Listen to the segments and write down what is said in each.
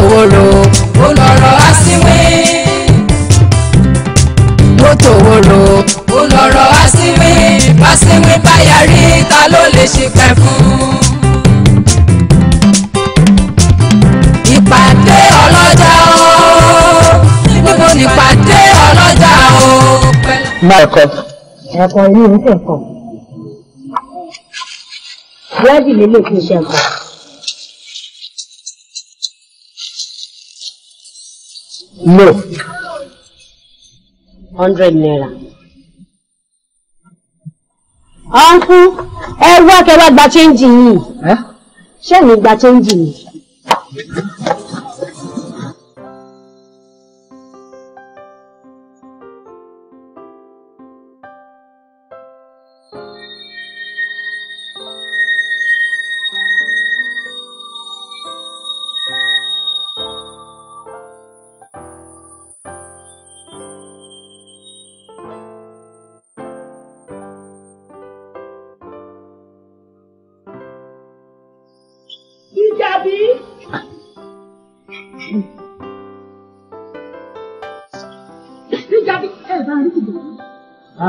tòwòrò ó lọ́rọ̀ àsìnwé. ó tòwòrò ó lọ́rọ̀ àsìnwé básìnwé bá yarí ta ló lè ṣe pẹ́ fún. ìpàdé ọlọ́jà o níbo ni ìpàdé ọlọ́jà o. máa ẹ̀kọ́ yìí ń tẹ̀kọ̀. wádìí lè lè fi ṣe ẹ̀kọ́. No. Hundred naira. Uncle, ẹ wá kẹ́ wá gba change yìí. Ṣé mi gba change yìí?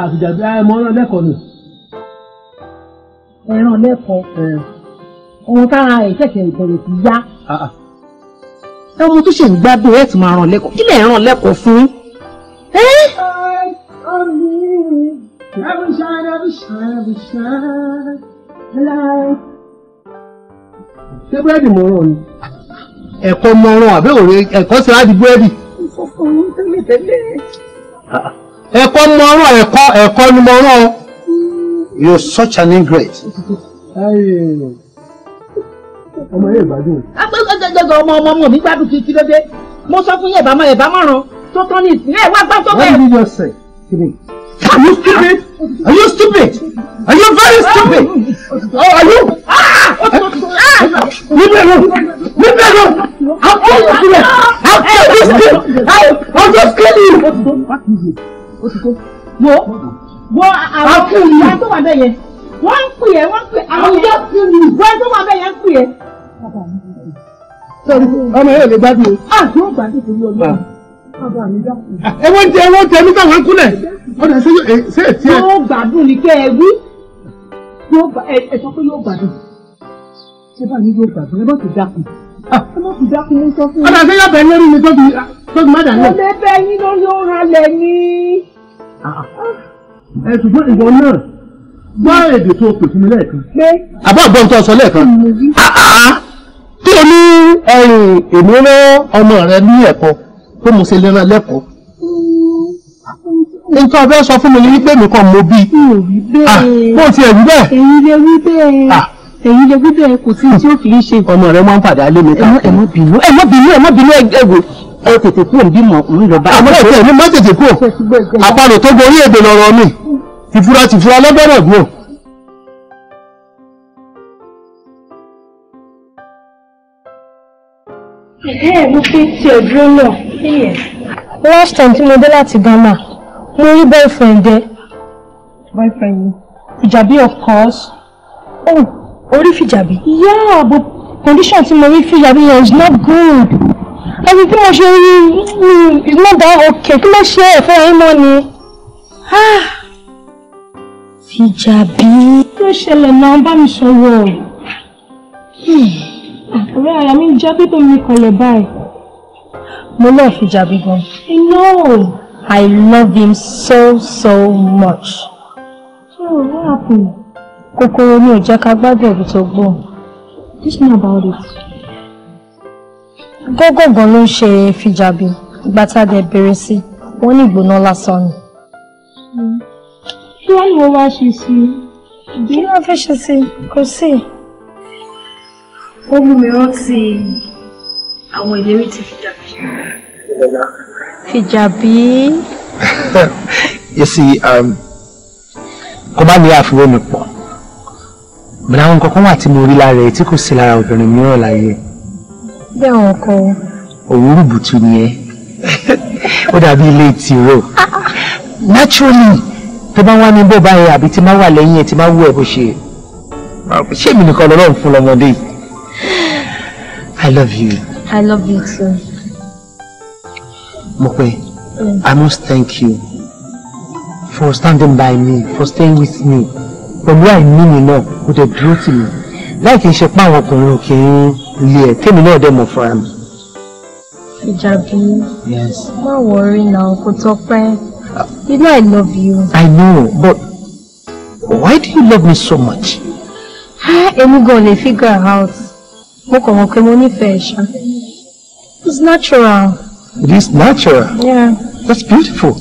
àtijọ́ bí ẹ mọ ọ̀ràn lẹ́kọ̀ọ́ ni. ẹran lẹ́kọ̀ọ́ ohun tára ẹ̀ ṣẹ̀ṣẹ̀ ìbẹ̀rẹ̀ ti yá. ọmọ ah, ah. tó ṣe ń gbádùn ẹ̀ tún máa ràn lẹ́kọ̀ọ́ kí lè ràn lẹ́kọ̀ọ́ fún. ṣé búrẹ́dì mọ̀ ọ́rọ̀ ni ẹ̀kọ́ mọ ọrùn àbẹ́wò rẹ ẹ̀kọ́ sí láti búrẹ́dì. mo sọ fún un tẹ́lẹ̀ ah, ẹ̀kọ́ mọ ọ̀rọ̀ ẹ̀kọ́ ẹ̀kọ́ ni mo rán ọ. you are such an ingrate. ọmọ yẹn gbádùn. agbẹ́gbẹ́gbẹ́gbẹ́ ah, ọmọ ọmọ ọmọ mi gbádùn kìkì lóde mo sọ fún yẹn bàmọ́ ẹ̀bá mọ̀ràn tó tán ní ìsìn ẹ̀ wá gbá tó bẹ́ẹ̀. what did you say? Ah! are you stupid? are you stupid? are you very ah! stupid? oh, are you? Eh, eh, leave me alone leave me alone I'll kill you I'll kill you I'll just kill you ó ti kó. wo wo àwọn àwọn tó wà bẹ́ẹ̀ yẹn wọ́n ń pè é wọ́n ń pè é àwọn yẹn wọ́n tó wà bẹ́ẹ̀ yẹn ń pè é. sọ́ọ́ni ọmọ yóò lè gbádùn o. àdúrà ah, gbàdúrà torí ọlọ́run ẹwọ́n ah. ah, jẹ ẹwọ́n jẹ mí táwọn ń kúnlẹ̀ ọ̀dà ṣé eh, ṣé ẹ̀ tiẹ̀. yóò gbádùn ní kẹ́ ẹ wí ẹ sọ pé yóò gbádùn ẹ bá mi yóò gbádùn ẹ bá ti dákun ọ̀dà ṣe yóò bẹ̀ lórí mi tó fi má dà náà. ọ̀dà bẹ yín lórí ọ̀rọ̀ alẹ̀ ni. Ah, ah. ẹ ṣùgbọ́n ìwọ náà gbọ́ èdè tó pè fún mi lẹ́ẹ̀kan. àbá ọ̀gbọ́n tó sọ lẹ́ẹ̀kan. Ah, tí o ní ẹ̀rìn èmi rán ọmọ rẹ ní ẹ̀kọ́ tó mo ṣe lè rán lẹ́kọ̀ọ́ nǹkan ọbẹ̀ sọ fún mi ni wípé mi kàn mọ bí. mo ti ẹ̀ wí bẹ́ẹ̀. èyí lè wí bẹ́ẹ̀ ẹ̀yin lè wí bẹ́ẹ̀ kò sí tí ó fi í ṣe. ọmọ rẹ máa ń padà lé mi káàkiri. ẹ má bínú ẹ má bínú ẹ má bínú ẹgbẹ ẹ tètè kúrò bí mo ń lọ bá. àwọn ètò ẹ̀mí má tètè kúrò àparò tó gorí èdè lọ́rọ̀ mi tìfura tìfura lọ́bẹ̀rẹ̀ gbò. ẹ mo fi ti ọdúró náà. last time tí mo dé láti Ghana mo rí boyfriend ẹ. boyfriend mi. ìjà bí of course. oh orí fìjàbí. yeah but condition tí mo rí fìjàbí yẹn is not good. ẹni tí mo ṣe rí mm, is not that okay kí ló ṣe ẹ̀ fún ẹ̀yin mọ́ ni. Ah! fìjàbí. kí ló ṣẹlẹ̀ náà bá mi sọ̀rọ̀ ọ̀rẹ́ hmm. ara mi já pípé mi kọlẹ̀ báyìí. mo lọ fìjàbí gan. I know. I love him so so much. so what happened? kòkòrò ni ò jẹ́ ká gbádùn ẹ̀bí tó gbòòrùn thinking about it. gọ́gọ́gọ́ ló ń ṣe fìjàbí ìgbà tá a dẹ̀ bẹ̀rẹ̀ sí wọ́n ní ìgbóná lásán ni. kí wọ́n ní wọ́n wá ṣe sí i. kí wọ́n fẹ́ ṣe sí i kò sí. ó mú mi àwọn ìlérí ti fìjàbí. fìjàbí. you see um, kò má ní àfiwé mi pọ̀ bọ̀dá àwọn nǹkan kan wà tí mo rí lára ẹ̀ tí kò sí lára obìnrin mìíràn láyé. bí àwọn ọkọ. òwúrò bùtù nìyẹn ó dàbí ilé ìtìró naturally tó bá wà ní bó báyìí àbí tí má wà lẹ́yìn ẹ̀ tí má wù ẹ̀ bó ṣe ṣé èmi nìkan lọ́lọ́run fún lọ́mọdé yìí I love you. I love you too. Mokwe, mm. I must thank you for standing by me, for staying with me pẹ̀lú àìní mi náà ó dẹ̀ dúró tì mí láì kí n ṣe pa àwọn ọkùnrin òkè ń lé ẹ̀ tèmi náà dẹ̀ mọ̀ fara mi. Ìjàbí má wọrí na kò tọpẹ́ you know I love you. I know but why do you love me so much? Èmi gan lè figure out mo kàn mọ̀ pé mo nífẹ̀ẹ́ ṣá it's natural. It is natural. Yeah. That's beautiful.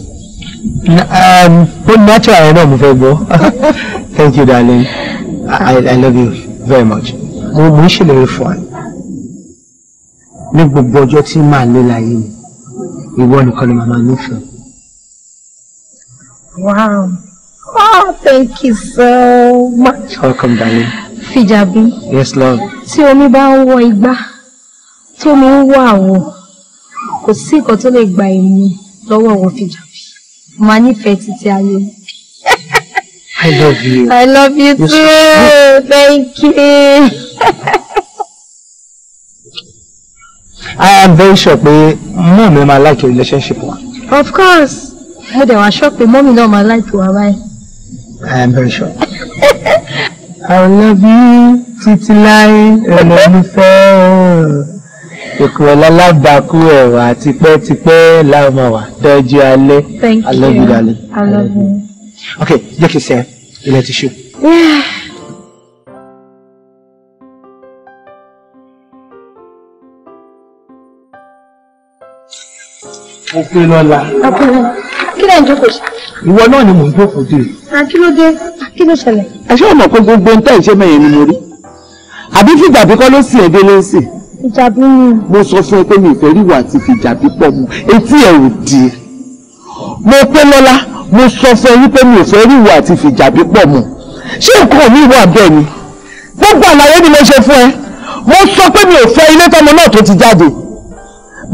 Um, but natural ẹ̀ know, mo fẹ́ gbọ́. thank you darling I, I love you very much mo mo ń ṣèlérí fún ẹ ní gbogbo ọjọ́ tí màá lé láyé mi ìwọ nìkan ni màmá nífẹ̀ẹ́. wow oh thank you so much. welcome darling. Fijabi. yes love. tí omi bá ń wọ igbá tómi ń wọ àwọ̀ kò sí nǹkan tó lè gba èmi lọ́wọ́ wọn fìjàbí màá nífẹ̀ẹ́ títí ayé mi. I love you. I love you You're too. So Thank you. I am very sure pé mom mi máa like your relationship wa. Of course, mo they were sure pé mọ́ mi náà máa like wa báyìí. I am very sure. I love you títí láì olólùfẹ́ o. Ìkùrọ̀ lálábàákú ẹ̀wà tipẹ́tipẹ́ love máa wà dọ́jú alẹ́. Thank you. I love you darling. I love you. Okay, jẹ́ kí n sẹ́ ilẹ̀ ti ṣú. mo pe lọ́la. kí lẹ́yìn jókòó sí. ìwọ náà ni mò ń jókòó dé. kí ló dé kí ló ṣẹlẹ̀. àṣé ọ̀nà kan gbogbo ń tẹ̀ ìṣe mẹ́yẹn ni mo rí àbí fìjàbí kọ́ ló sì ẹ̀ dé ló ń ni. mo sọ fún ẹ pé mi ìfẹ́ ríwà àti fìjàbí pọ̀ mu etí ẹ̀ ò di. mo pe lọ́la mo sọ fún ẹ wípé mi ò fẹ́ rí ìwà àti fìjàbí pọ̀ mu ṣé nǹkan mi wà bẹ́ẹ̀ ni gbogbo àlàyé ni mo ṣe fún ẹ mo sọ pé mi ò fẹ́ ilé tọmọ náà tó ti jáde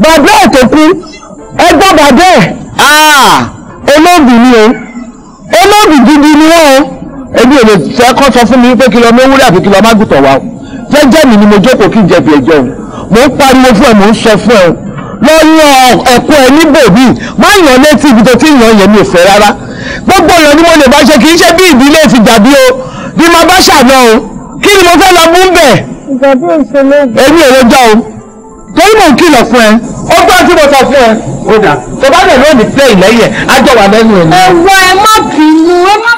bàbá ẹ̀ tó kú ẹgbọ́n bàbá ẹ̀ ah, olóògì ni o olóògì gidi ni wọ́n o èmi ò lè fẹ́ kọ́ sọ fún mi pé kí lọ mọ ewúrẹ́ kí lọ má wa fẹ́ jẹ́ mi ni mo jókòó kí n jẹ bí ẹjọ́ ń pariwo fún ẹ mò ń sọ fún ẹ lọ́yàn ẹ̀kọ́ ẹ níbòmí má yàn létí ibi tó ti yàn yẹn mi ò fẹ́ rárá gbogbo ọ̀nà ni mo lè bá ṣe kì í ṣe bí ìdílé ti dàbí o bí màá bá ṣàná o kí ni mo fẹ́ lọ mú bẹ̀. ìgbàdí òṣèlú. èmi ò rojọ́ o torí mò ń kìlọ̀ fún ẹ ó gbọ́n tí mo sọ fún ẹ. ó dà tó bá dẹ̀ lónìí pé ìlẹ́yìn á jọ wà lẹ́nu ẹ̀ ní. ẹ̀wọ̀ ẹ má bínú ẹ má.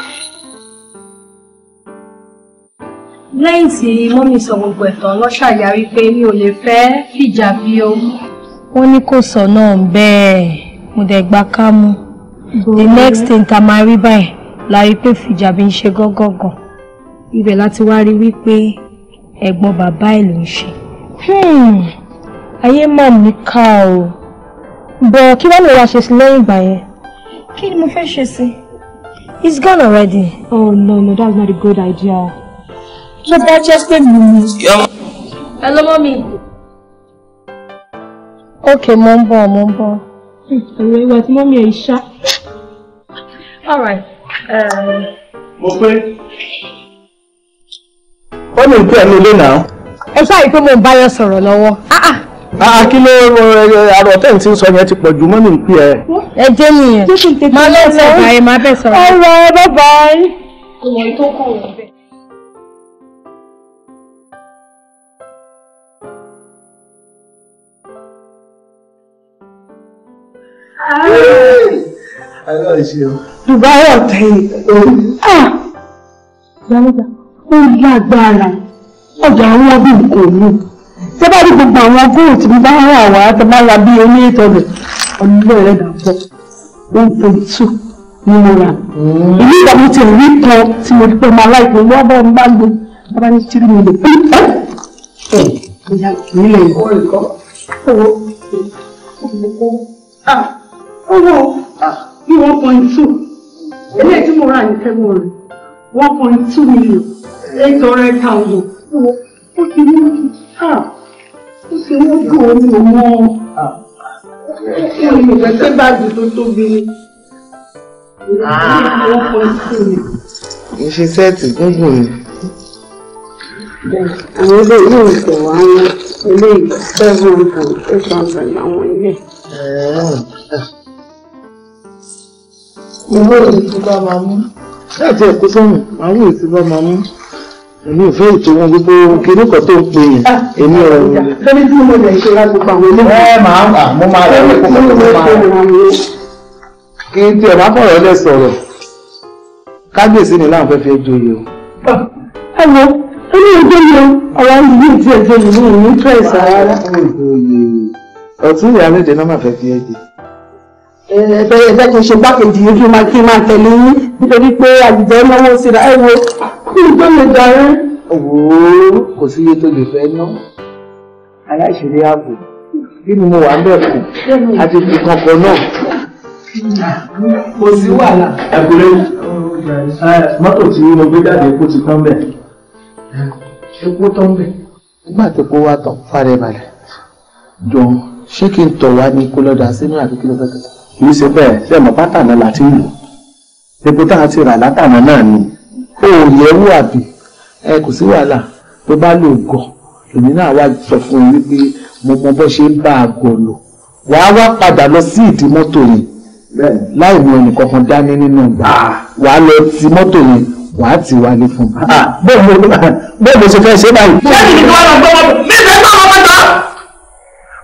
lẹ́yìn tí mọ́mí sọ gbogbo ẹ̀tàn lọ́ṣà yarí pé mi ò lè fẹ́ fìjà bí o wọ́n ní kò sọ náà bẹ́ẹ̀ mo dẹ̀ gba kámú the next thing ta máa rí báyìí la rí pé Fìjàbí ń ṣe gángangan ibẹ̀ láti wá rí wípé ẹ̀gbọ́n bàbá ẹ̀ ló ń ṣe hmm, ayé mà mí ká o bọ̀ kí wọ́n lè wá ṣe sí lẹ́yìn ìgbà yẹn kí ni mo fẹ́ ṣe sí it's gone already. oh no no that's not a good idea. ló bá jẹ́ pé mi ni. hello mommy okay mo ń bọ̀ mo ń bọ̀. ọ̀rẹ́ hmm, ìwà tí mọ́mí ẹ̀ ṣá. all right. Um, mo pé ó ní ìpín ẹ̀mí ilé náà. ẹ ṣáà yìí pé mo ń bá yẹn sọ̀rọ̀ lọ́wọ́. Àà ah, ah. ah, kí ló àrò ọ̀tẹ̀ tí ń sọ yẹn ti pọ̀ jù mọ́ ní ìpín ẹ. Ẹ jẹ́ nìyẹn. Máa lọ́ọ̀tẹ̀ báyìí máa bẹ̀ sọ̀rọ̀. Ọ̀rọ̀ bye bye. Ìwọ̀n tó kàn bẹ̀. Ọlọ́run ṣe o. ìgbàlódà ó lágbára ọjà àwọn ọdún kò ní. Ṣé bá rí gbogbo àwọn góòlù tí mo bá ń rà wá tó ra bí oní ìtọ́jú ọlọ́run rẹ̀ dàpọ̀ one point two ni mo rà. Ìlú hmm. ìgbà mo ti rí kan tí mo rí pé ọmọ aláìpẹ́ ní ọgbà ń bá gbé bàbá ní tírí mi hmm. lè pín. Ẹ ìyá ìpínlẹ̀ yìí. Owó ìkọ́. Owó ìkọ́ owó bí ah, one point two eléyìí tí mo rà ní february one point two million eight hundred thousand ó ti mú ah, ó ti mú dùn ó ní ọmọ ó ní ìfẹ́ tẹ́ báàgì tó tóbi ni ah. one point two ni. ìṣe sẹ́ẹ̀tì gúngùn ni. àwọn ilé yìí tẹ̀ wá ní ilé seven point eight hundred àwọn ilé ìwé òde tó bá máa mú. láti ẹ̀kú sọ́run máa wù tí bá máa mú èmi ò fẹ́ ètò wọn gbogbo kiri kan tó ń pè yẹn ah, èmi ò rọrùn. fẹ́mi tí mo lè ṣe láti pa wọlé. ẹ máa ń bà mo máa rẹ̀ ní kókó tó máa rẹ̀. kí n tiẹ̀ máa fọ̀rọ̀ lẹ̀ sọ̀rọ̀ kábíyèsí ni láwọn fẹ́ẹ́ fi ẹjọ́ yìí o. Ah, ẹ wo ẹni ẹjọ́ yìí o ọ̀rọ̀ ìlú ìdí ẹjọ́ yìí ní ìlú tẹ̀sán rárá. ìyá méje náà máa fẹ́ fi ẹjọ́ ẹ̀fẹ́ eh, ẹ̀fẹ́ kì í ṣe gbákejì yìí kí n máa tẹ̀lé yín nítorí pé àjùjọ náwó síra ẹ wo kí n tó lè darí. òwò kò sí iye tó lè fẹ́ ná aláṣìírí ààbò kí ni mo wà ń bẹ̀ kù àti fi kankan náà. kò sí wàhálà. ẹ̀kúrẹ́ mọ́tò tí mo gbé jáde kó ti tán bẹ̀. epo tán bẹ̀. nígbà tí kò wá tán fàrẹ̀ balẹ̀ jọ ṣé kí n tọ̀ wá ní kó lọ́dà sínú àbí kí kẹta kì í ṣe bẹ́ẹ̀ ṣe mọ̀ bátànà láti lò epo tá a ti rà látànà náà ni ó yẹ wú àbí ẹ kò sí wàhálà tó bá lò gọ̀ èmi náà wá sọ fún un wípé mo mọ bó ṣe ń bá a gọ̀ lò wàá wá padà lọ sí ìdí mọ́tò yìí láì mú ẹnì kankan dání nínú ìgbà wàá lọ ti mọ́tò yìí wàá ti wálé fún mi. bẹ́ẹ̀ mo ṣe fẹ́ ṣe báyìí. bẹ́ẹ̀ ni kí wọ́n lọ gbọ́ mọ́tò mi ìfẹ́ gbọ́ mọ́tò wọ́n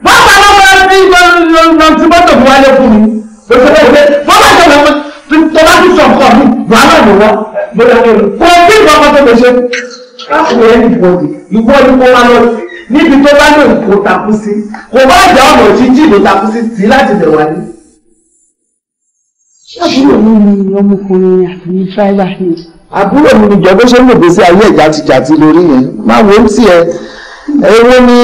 pa àwọn ọmọ ẹni tí wọ́n ti mọ́tò fún wálé fún mi lọ́sọ̀rọ̀ ìwé bọ́lá ìjọba ọmọ tó bá tún sọ nǹkan ọdún wàhálà nìwọ bóyá kí o kí ìwọ ọmọ tó lè ṣe káàkiri ẹni bọ̀dì ìwọ ni kó wá lọ sí níbi tó bá lè kó takú sí kò bá jẹ́ ọ̀nà òjijì ló takú sí sí láti bẹ̀ wá àbúrò mi ni ọmọkùnrin àti ní fáìlà yìí. àbúrò mi ni jọ̀bọ́ ṣe ń lò gbèsè ayé ẹ̀já ti lórí yẹn má wo ń tiẹ̀ ẹ̀rọ ni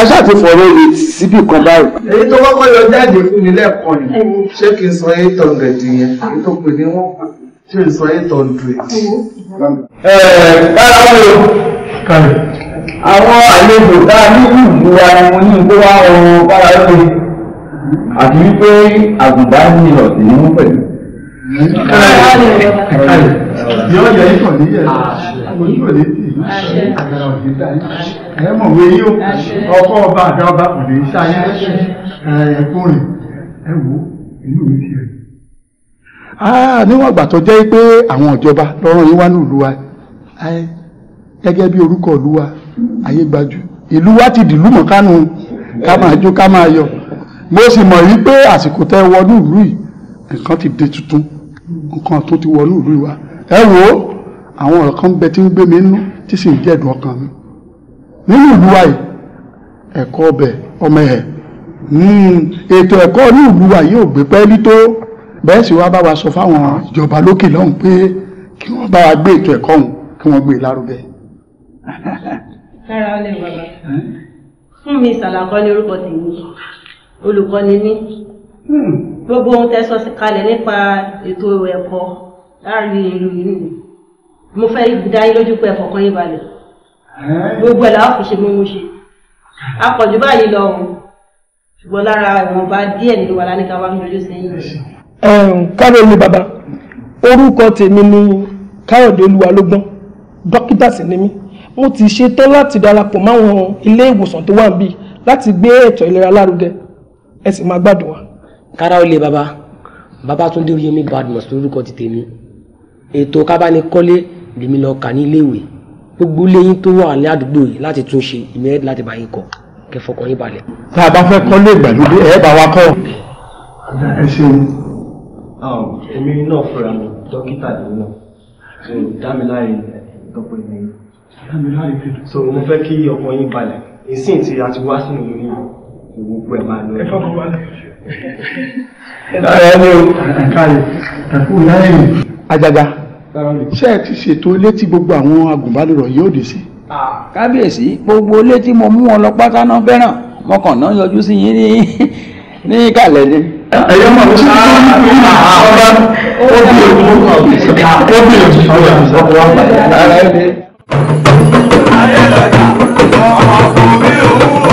aṣáàtìfọ̀rọ̀ rè síbì kan báyìí èyí tó kọ́kọ́ yọ jáde fún mi lẹ́ẹ̀kan ni ṣé kí n san eight hundred yẹn èyí tó pè ní wọ́n ṣé n san eight hundred. bára wọn o àwọn àlejò tá a nílùú ìlú wa ni mo ní kó wá ọrùn bára ó àti wípé àgùnbánirọ̀ sì ni mú pẹ̀lú. yọ̀ọ́ yẹ ikọ̀ níyẹ̀ ikọ̀ níyẹ̀ àgbàrá òní sáyé ẹ mọ̀ wé yín o ọkọ ọba àgbà ọba òní sáyé ẹ̀kún rẹ̀ ẹ wò inú mi ti rẹ̀. níwọ̀n ìgbà tó jẹ́ pé àwọn ìjọba lọ́rọ̀ yín wá ní ìlú wa gẹ́gẹ́ bí orúkọ ìlú wa ayé gbajú ìlú wa ti dìlú mọ̀kánu ká máa jó ká máa yọ mo sì mọ̀ yí pé àsìkò tẹ́ wọnú ìlú yìí nǹkan ti di tuntun nǹkan tó ti wọnú ìlú wa ẹ wò ó àwọn ọ̀rọ̀ kan bẹ tí ń gbé mi nú tí sì ń jẹ́dùn ọkàn mi nínú ìlú wa yìí ẹ̀kọ́ ọbẹ̀ ọmọ ẹ̀ hmm, ètò ẹ̀kọ́ ní ìlú wa yìí ò gbé pẹ́ẹ́lí tó bẹ́ẹ̀ sì wá bá wa sọ fáwọn ìjọba lókè lọ́hùn pé kí wọ́n bá wa gbé ètò ẹ̀kọ́ ọ̀hún kí wọ́n gbé e lárugẹ. lára ọlẹ́ bàbá fún mi ìsàlàkọ́ ní orúkọ tèmi olùkọ́ni ní hmm. gbogbo ohun tẹ́ sọ kalẹ̀ nípa ètò ẹ̀kọ́ láàrin ìlú yìí mo fẹ́ dá yín lójú pé ẹ̀fọ̀kan yín balẹ̀ gbogbo ẹ̀ làwọn kò ṣe mú mú ṣe akọ̀jù báyìí lọ o ṣùgbọ́n lára ìwọ̀nba díẹ̀ nínú wa láníkà wá ń dojú sí yìí. káre bàbá orúkọ tèmi ni káyọ̀dé olúwalógbọ́n dókítà sì ni mí mo ti ṣetán láti darapọ̀ máwọn ilé ìwòsàn tó wà níbí láti gbé ètò ìlera lárugẹ ẹ sì máa gbádùn wa. kára olè bàbá Babátúndé Oyèmí Badmus lórúkọ ti tèmi ètò kábánikọ́lé lèmi lọ kà ní iléèwé gbogbo lẹ́yìn tó wà ní àdúgbò yìí láti tún ṣe ìmẹ́rẹ́dì láti bá yín kọ́ kẹ́ fọkàn yín balẹ̀. tá a bá fẹ́ kọ́ lé ìgbàlódé ẹ bá wa kọ́. ẹ ṣeun. èmi náà fúnra mi dókítà lèmi náà so dámiláre ìtọ́pọ̀ ìmọ̀ yìí. dámiláre fìdí. so mo fẹ́ kí ọkàn yín balẹ̀ ìsìn tí a ti wá sínú ìlú ìwòkú ẹ̀ máa lọ. ẹ fọkàn balẹ̀. ẹ káyọ̀ ẹ káyọ̀ ẹ kú láyé. ajaga ṣé ẹ ti ṣètò ilé tí gbogbo àwọn agùnbánirọ̀ yóò dé sí. kábíyèsí gbogbo ilé tí mo mú wọn lọ pátá náà fẹ́ràn mo kàn náà yọjú sí yín ní ní ìkàlẹ̀ ni. ẹ̀yọ́ mọ̀ ní ọba obìnrin obìnrin ọba ọba. ayélujára ọmọ mi ò.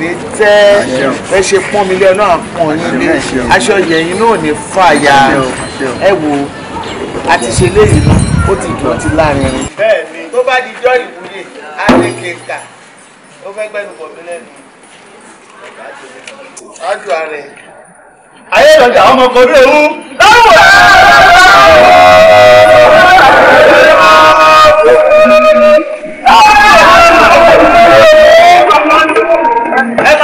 ní tẹ́ ẹ ṣe pọ́n mi lé ọ̀nà àpọ̀n yín lé aṣọ yẹ̀yìn náà ní fàyà ẹ wo àti ṣe léyìí lọ ó ti dùn ó ti láàrin. bẹ́ẹ̀ni tó bá di jọ ìwúyè á lè ó fẹ́ gbẹ́nu bọ̀ mí lẹ́nu ájú ààrẹ. ayé ìrọ̀jà ọmọ kan lóhùn dáhùn.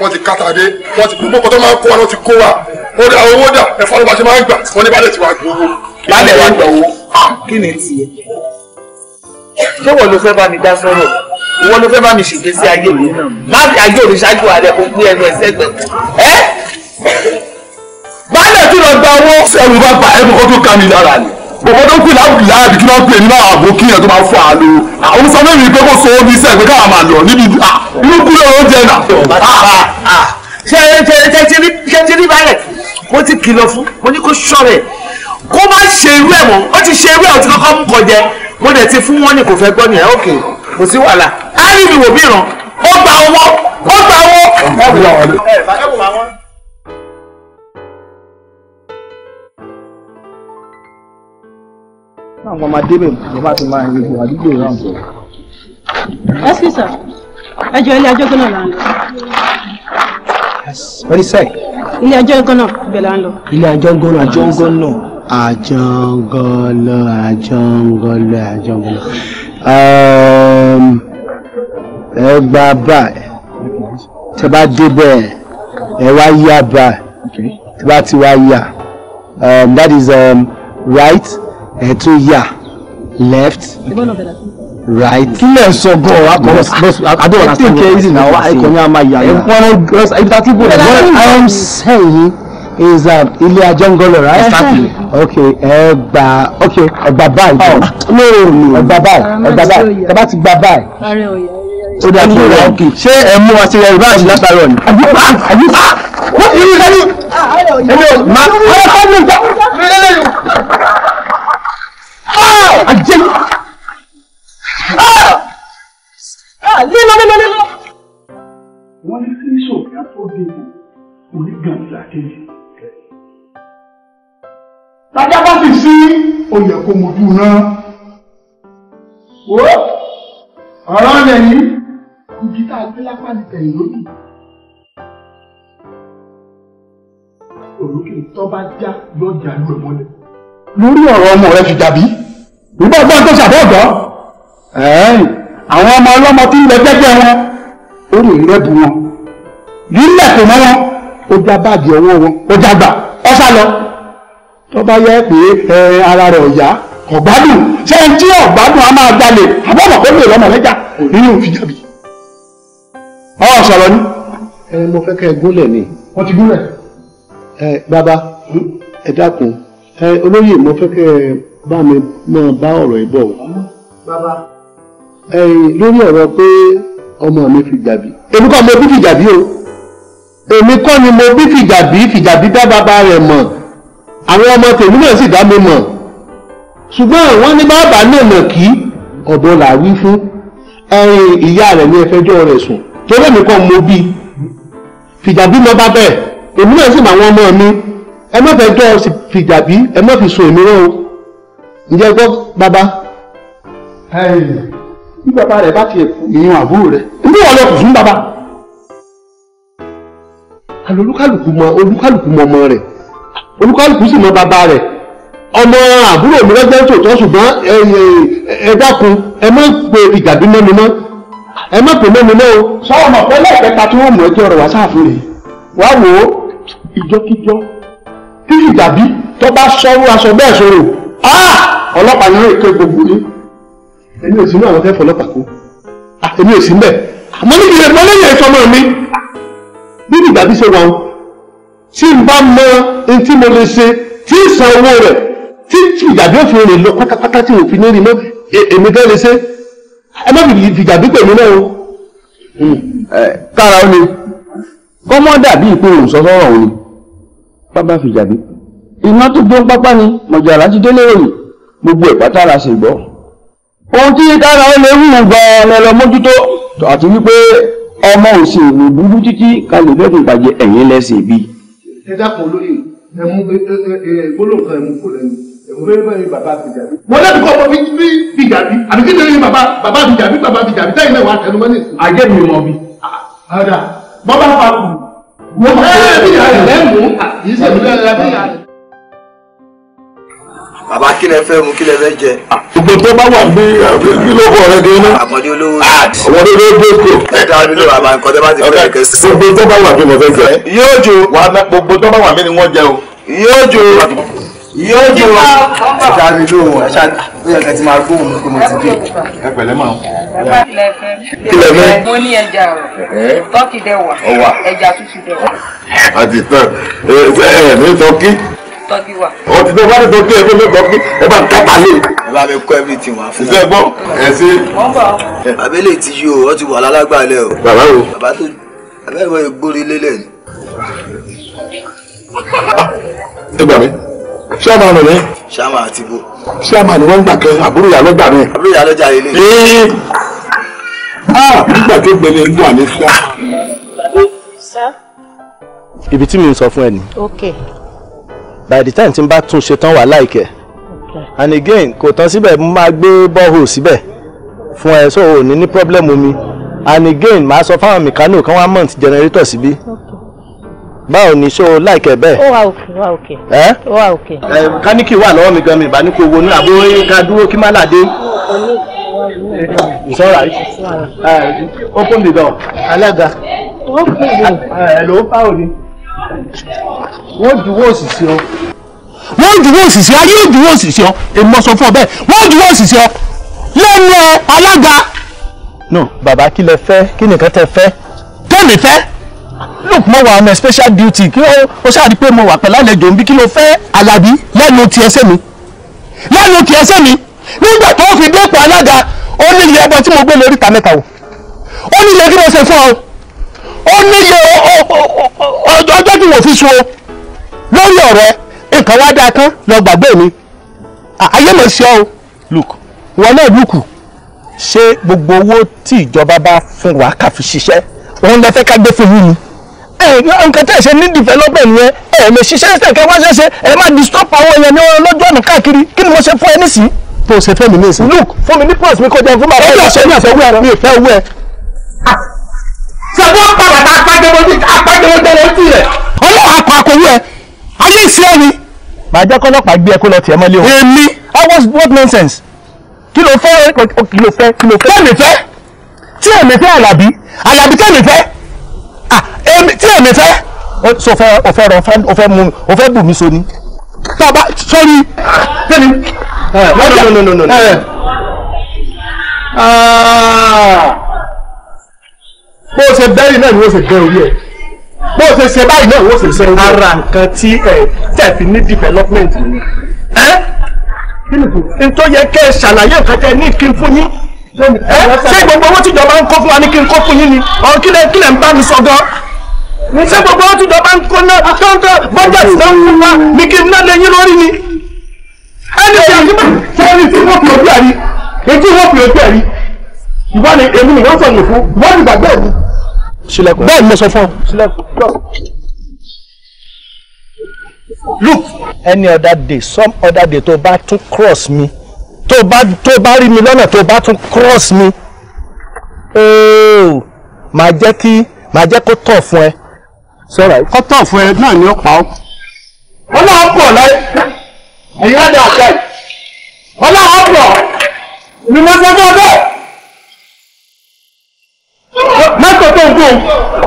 wọ́n ti kàtàdé wọ́n ti gbogbo tó máa kó wa lọ́ ti kó wa ó dà owó dà ẹ̀fọ́ ló bá ṣe máa ń gbà wọ́n ní balẹ̀ ti wá gbowó. balẹ̀ wá gbà owó. Ah, kí ni tiẹ̀. ṣé wọ́n ló fẹ́ bá mi dá sọ́rọ̀ wọ́n ló fẹ́ bá mi ṣègbè sí ayé mi má fi ayé òní ṣáájú ààrẹ kò pé ẹnu ẹsẹ̀ gbẹ. ẹ balẹ̀ tún lọ gba owó. sẹ́wọ̀n bá pa ẹ̀mú kó tún ká mi lára ni bọ̀bọ̀ tó ń pè láàbùdù láàbì kí wọ́n pè nínú àwọn àbòkí yẹn tó máa ń fọ àlò àwọn sọ fún mi pé kó so omi iṣẹ́ ìpè káwọn máa lọ níbi inú kúlẹ̀ oúnjẹ náà. ṣe ṣe ṣe ṣe ti rí balẹ̀ mo ti kìlọ̀ fún mo ní kó ṣọ́rẹ̀ kó má ṣe irú ẹ̀ mọ́ ó ti ṣe irú ẹ̀ ó ti kọ́kọ́ mú kọ jẹ mo dẹ̀ ti fún wọn ní kò fẹ́ gbọ́ nìyẹn òkè kò sí wàhálà á rí mi wò bí ràn ó gba owó ó gba owó. náà wọn máa débẹ̀ ló bá ti máa yin ìbò àdúgbò náà bọ̀. ẹsì sà ẹ jọ ilé ajọ́ gánà là ń lọ. wọ́n ní sẹ́ẹ̀. ilé ajọ́ gánà ibẹ̀ là ń lọ. ilé ajọ́ gánà ajọ́ gánà àjọngọlọ àjọngọlọ àjọngọlọ ẹ gba báyìí tẹ bá débẹ̀ ẹ wá yá báyìí tẹ bá ti wá yá um, that is um, right ẹ tún left right. kí lè sọ gan ọ akọrọ ẹ take it easy na wa ẹ kọ ní a máa yà yà. I am saying is um, ilé ajangolo right. exactly. okay ẹ gba okay ẹ báyìí. Oh, no ẹ gba báyìí ẹ báyìí ẹ ti gba báyìí ó dà bí ìwà òkè ṣé ẹ mú wa ṣe ẹ bá àti látàárọ̀ ni. àbí pa ah, àbí pa wọ́n ti rí i lẹ́nu. èmi ò máa ọ̀rẹ́ kọ́ mi. mi lẹ́lẹ́yìn. Ah! Ah, jẹ mi. lílọ lílọ lílọ. wọ́n ní kí sọ̀rọ̀ yá tó dé o onígbàgbà kejì. tájà bá ti sí oyè kò mojú náà. wo ọ̀rọ̀ rẹ̀ yìí igi tá a gbé lápá ní tẹ̀yìn lódì. òrùkè tó bá já yọjà lù ẹ̀ mọ́lẹ̀. lórí ọ̀rọ̀ ọmọ rẹ fi dàbí ìgbọ́ ọgbọ́n tó ṣàbọ̀dọ̀ àwọn ọmọ ọlọ́mọ tí ń lọ jẹ́gbẹ́ wọn ó rè rẹ́bù wọn lílẹ̀ kò mọ́ wọn ó já báàgì ọwọ́ wọn ó já gbà ó sá lọ tó bá yẹ pé ara rẹ̀ ọ̀yá ọ̀gbádùn ṣé ń tí ọ̀gbádùn á máa jalè àbọ̀mọ̀ kó lè lọ́mọ lẹ́jà kò ní òun fi jàbí. ọ sọ̀rọ̀ ni. ẹ mo fẹ́ kẹ́ ẹ gúnlẹ̀ ni. wọ́n ti gúnlẹ̀. ẹ bàbá ẹ dákun ẹ olóyè mo fẹ́ kẹ́ ẹ bá mi máa bá ọ̀rọ̀ ẹ bọ̀. bàbá. ẹyin lórí ọ̀rọ̀ pé ọmọ mi fìjàbí. èmi kọ́ mo bí fìjàbí o èmi kọ́ ni mo bí fìjàbí fìjàbí dá bàbá rẹ̀ mọ̀ àwọn ọmọ tèmi náà sì dá mi mọ̀ ṣùgbọ́n wọ́n ní bàbá náà nà kí ọ̀dọ́ là wí fún ẹyin ìyá rẹ̀ ní ẹfẹjọ́ rẹ̀ sùn torí èmi kọ́ mo bí fìjàbí lọ bá bẹ́ẹ̀ èmi náà sì mọ àwọn ọmọ mi ẹ má fẹ́ jọ́ fìjàbí ẹ má fi sùn èmi rẹ́ o ǹjẹ́ gbọ́ bàbá bí bàbá rẹ̀ bá tiẹ̀ kù ìyẹn àbúrò rẹ̀ nígbà wọn lọ kù fún bàbá olúkálùkù mọ olúkálùkù mọ ọmọ rẹ̀ olúkálùkù sì mọ bàbá rẹ̀ ọmọ àbúrò mi lọ́jọ́ tòótọ́ ṣùgbọ́n ẹ dákun ẹ má pe ìgàdí mẹ́mi mọ́ ẹ má pè mẹ́mi mọ́ o sọ́wọ́n mọ̀ pé lẹ́ẹ̀kẹta tí wọ́n mọ̀ ẹjọ́ rẹ̀ wá sáàfin rèé wá wò ó ìjọkíjọ tí ìgàdí tó bá sọ́rú aṣọ bẹ́ẹ̀ sọ̀rọ̀ Ah! ọlọ́pàá nínú ètò gbogbo yìí èmi ò sí ní àwọn fẹ́ fọlọ́pàá kú ah, èmi ò sí mbẹ̀ àmọ́ níbi ìrẹ̀ mọ́ lẹ́yìn ẹ̀tọ́ náà mi níbi ìgbà bí ṣe wà ó tí n bá mọ ohun tí mo lè ṣe tí ń san owó rẹ̀ tí ìjàdí òfin rẹ̀ lọ pátápátá tí òfin ní rí mọ́ e, èmi fẹ́ lè ṣe ẹ má fi ìjàdí pẹ̀lú náà o. Hmm. kára ó ni kọ́mọ́dà bíi pé òun sọ sọ́rọ̀ òun ni bàbá fi ìjàdí p iná tó dún pápá ni mọ̀jọ̀ aláti délé rèé gbogbo ìpátá la sì gbọ́. ohun tí kára ó lè wù gan-an ni ọlọ́ mójútó àti wípé ọmọ òsì ìlú burú títí ká lè dẹ́kun ìbàjẹ́ ẹ̀yìn lẹ́sìn bí. ẹ dákun olóyè ẹ mú gbólóhùn kan ẹ mú kó lẹ́nu mo lẹ́nu kọ́ ọmọ mi bí jàbí àbí kí lóyún bàbá bàbá bí jàbí bàbá bí jàbí táyì mẹ́wàá tẹnu mọ́ nísìnyí. àjẹ́ mi mọ̀ bí. bàbá fa kù. ẹ ẹ bí yàrá ẹ mú bàbá kí lẹ fẹ́ mu kí lẹ fẹ́ jẹ. Ah, gbogbo tó bá wà ní kílókù ọ̀rẹ́ kí ní. àmọ́dé olówó ni. Ah, àwọn olówó ló kò. ẹ dá mi lọ bàbá nǹkan tó bá ti fẹ́ kẹ́ sí. gbogbo tó bá wà kí lẹ fẹ́ jẹ. yóò jò wà ná gbogbo tó bá wà mí ni wọ́n jẹ o. yóò jò yóò jò ẹ ṣáà mi lóhùn ẹ ṣáà ó yẹ kẹ́ ti máa gbóhùn mi pé mo ti dé. ẹ pẹ̀lẹ́ mọ́ kílẹ̀ mẹ́. mo ní ẹja rẹ̀ tọ́kì dẹ̀ wà ẹja tọ́jú wa. o ti tọ́ bá ti tọ́jú ẹgbẹ́ mẹ́kọ̀ọ́ pé ẹ bá ń kápá lé. ẹ bá mi kọ́ everything wá fún mi. ṣe gbọ́ ẹ sí. abẹ́lé ti yí o wọ́n ti wà lálágbàlẹ̀ o. bàbá o. bàbá tó abẹ́rẹ́ wọn gbórí lélẹ̀ ni. ẹ gbà mí ṣáàmà ọ̀nà mi. ṣáàmà àti bo. ṣáàmà ni wọ́n ń gbà kẹ́ àbúrò ìyá lọ́gbà mi. àbúrò ìyá lọ́jà ilé. Ah, nígbà tó gbẹlẹ ń wà ní sá. ibi tí mi ń sọ fún ẹ ni. okay by the time tí n bá tún ṣe tán wà láìkẹ́ and again kò tán síbẹ̀ mo máa gbé borehole síbẹ̀ fún ẹ so ò ní ní problem omi and again màá sọ fáwọn mechanic kan wá mount generator síbí báwo ni ṣó láìkẹ́ bẹ́ẹ̀. ó wà òkè wà òkè. ẹ ó wà òkè. ẹ mẹkáníìkì wà lọ́wọ́ mi gan mi ìbá ní kò wo ní àbó ká dúró kí má là dé. it's alright open the door. alága. open the door. hello báwo ni wọ́n juwọ́ òṣìṣẹ́ ọ. wọ́n juwọ́ òṣìṣẹ́ ayé òjuwọ́ òṣìṣẹ́ ọ èmi sọ fún ọ bẹ́ẹ̀ wọ́n juwọ́ òṣìṣẹ́ ọ lẹ́nu alága. no bàbá kí lẹ fẹ́ kí nìkan tẹ fẹ́. tẹ́mi fẹ́ look mo wà ọmọ special duty kí o ṣáàdì pé mo wà pẹ̀lú àlejò ń bí kí ló fẹ́ alábí lẹ́nu ti ẹsẹ̀ mi lẹ́nu ti ẹsẹ̀ mi nígbà tó fi dépò alága ó ní ilé ẹbọ tí mo gbé lórí ta mẹ́ta o ó ní ilé kí mo ṣe fún ọ ó níye ọjọ́ tí wò fi sun o lórí ọ̀rẹ́ nǹkan wá dáa tán lọ gbàgbé mi ayé mọ̀ sí ọ o luke ìwọ náà luke ṣé gbogbo owó tí ìjọba bá fún wa ká fi ṣiṣẹ́ òun lọ fẹ́ ká gbé fún yín ni nǹkan tẹ̀ ṣe ní development yẹn ẹ lè ṣiṣẹ́ ṣe kẹ́ wá ṣẹ́ṣe ẹ má disturb àwọn èèyàn ní wọn lọ́jọ́ ọ̀nà káàkiri kí ni mo ṣe fún ẹ nísìnyí. tó o ṣe fẹ́ mi ní ìsìn. luke fún mi ní pọ́s mi kọjá fún bàbá ẹ̀ ṣe ní àfẹ́wé ẹ̀ mi ò fẹ́ ẹ. Ah! ṣẹ̀gbọ́n padà tá gbé ẹ kó lọ tiẹ̀ mọ́lé o. èmi i was what nonsense. kí ló fẹ́ kí ló fẹ́ kí ló fẹ́. tẹ́mi fẹ́ tí èmi fẹ́ alabi? Alabi, tẹ́mi fẹ́ tí èmi fẹ́. sọ fẹ́ o fẹ́ rọ o fẹ́ mú o fẹ́ bù mí so ni. tọ́ba sọ́ni tẹ́mi. no no no no no. no. Uh, bó ṣe bẹ́rì náà ni wọ́n ṣe bẹ́ orí ẹ̀ bó ṣe ṣe báyìí náà wọ́n ṣe ṣe orí ẹ̀. ara nǹkan tí ẹ tẹ̀fi ní development ni ẹ n tó yẹ kẹ́ ẹ ṣàlàyé nǹkan tẹ ní kí n fún yín ẹ ṣé gbogbo owó tíjọba ń kó fún wa ní kí n kó fún yín ni ọ̀hún kílẹ̀ kílẹ̀ ń bá mi sọ gan ní ṣé gbogbo owó tíjọba ń kó náà tó ń tọ́ budget náà ń fún wa ní kí n ná lé yín lórí ni. ẹni tí a ìwọ ni èmi nìyẹn sọ yìí fún ìwọ ni gbàgbé mi. sílẹ̀kùn bẹ́ẹ̀ ni mo sọ fún ọ. sílẹ̀kùn look any other day some other day tó bá tún cross mi tó bá tó bá rí mi lọ́nà tó bá tún cross mi ooo oh, màá jẹ́ kí màá jẹ́ kó tọ̀ fún ẹ. sọ́ra kó tọ̀ fún ẹ náà ni ó pa ọ́. wọ́n náà pọ̀ láyé ẹ̀yin á dé àṣẹ wọ́n náà pọ̀ ni mo sọ fún ọ bẹ́ẹ̀ mẹ́tò tó ń gùn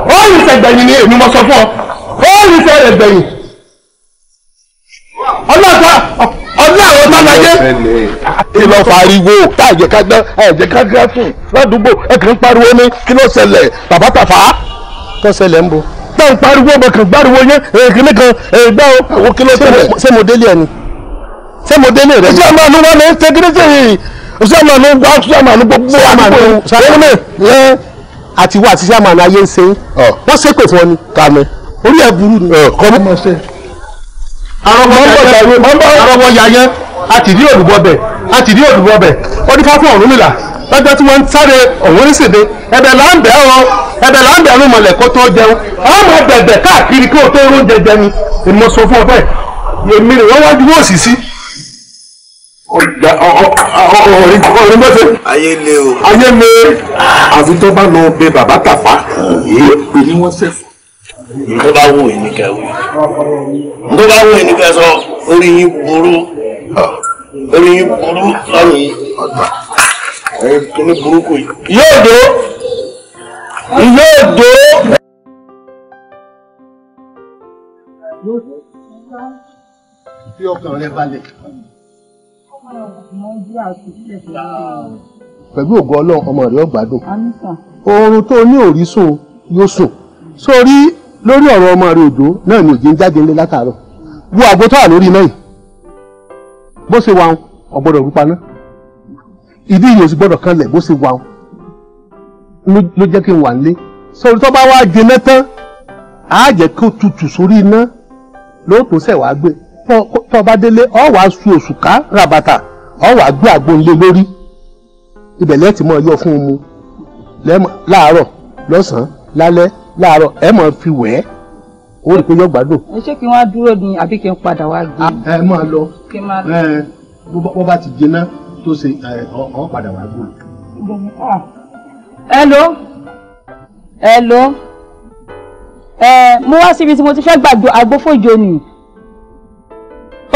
ó rìn sẹ̀gbẹ̀yìn ni èmi mo sọ fún ọ ó rìn sẹ̀gbẹ̀yìn ọlọ́ta ọdún àwọn ọmọ aláyé. kí ló pariwo tá àjẹ ká gbá àjẹ ká gbá fún ládùúgbò ẹ kàn ń pariwo ní kí ló ṣẹlẹ̀ bàbá tàfà. tó ṣẹlẹ̀ ń bo. tó ń pariwo bọ̀ kàn pariwo yẹn èkìní kan ègbà o kí ló ṣẹlẹ̀. ṣé mo délé ẹ ni ṣé mo délé rẹ. iṣẹ́ àmàlù wọn ni ṣe kí ni ṣe yìí iṣẹ́ àmàlù wọn ṣe àmàlù gbogbo àmàlù. ṣé àmàlù àti wá àti sàmà náà ayé ń sẹ́yìn wọ́n ṣépè fún ọ ni kàmẹ́ orí ẹ̀ burú ni. ọmọ ṣe arọ́bọ yayẹ àti ní olùbọ bẹ̀ àti ní olùbọ bẹ̀ wọ́n ní ká fún ọ̀run nílà lọ́jọ́ tí wọ́n ń sáré ọ̀hún ṣèdè ẹ̀bẹ̀ là ń bẹ̀ ọ́ ẹ̀bẹ̀ là ń bẹ̀ ọ́nù mọ̀lẹ̀ kó tó jẹun ọmọ bẹ̀bẹ̀ káàkiri kó tó oúnjẹ jẹ ni èmi sọ fún ọ bẹ́ẹ̀ èmi rè wọ́n wájú wọ́n sì sí ọ̀gá ọ̀rìn bó ṣe. ayé le àfi tó bá lọ bẹ bàbá tàfà èyí pè ní wọ́n ṣe. tó bá wù yín nìkan wù yín tó bá wù yín nìkan sọ orí yín burú orí yín burú lọ́rùn yín ọ̀gbà burúkú yìí. yóò dó yóò dó. bí ọkàn rẹ balẹ̀ pẹ̀lú ògo ọlọ́run ọmọ rẹ̀ ó gbádùn oorun tó ní òrísùn yóò sùn sórí lórí ọ̀rọ̀ ọmọ rẹ̀ òjò náà ni òjò ń jáde ńlẹ̀ látàárọ̀ wo àgbo tó wà lórí iná bó ṣe wà ọ̀gbọ́dọ̀ rú paná ìdí yìí ò sì gbọ́dọ̀ kanlẹ̀ bó ṣe wà ló jẹ́ kí n wà nílé sórí tó bá wá jiná tán àá jẹ́ kó tutù sórí iná lóòótọ́ sẹ̀ wá gbé tó bá délé ọ wàá su òṣùká ràbàtà ọ wàá gbé àgbóǹlé lórí ibẹ̀ lẹ́ẹ̀tì mọ́ yọ fún un mu láàárọ̀ lọ́sàn-án lálẹ́ láàárọ̀ ẹ mọ̀ fi wẹ̀ ẹ́ ó rí i pé yọ gbádùn. ẹ ṣé kí wọn dúró ni àbí kí n padà wá gbé. ẹ máa lọ ẹ bó bá ti jiná tó ṣe ọ padà wá gbé. hello hello ẹ mo wá síbi tí mo ti fẹ́ gbàgbọ́ agbófojò nìyí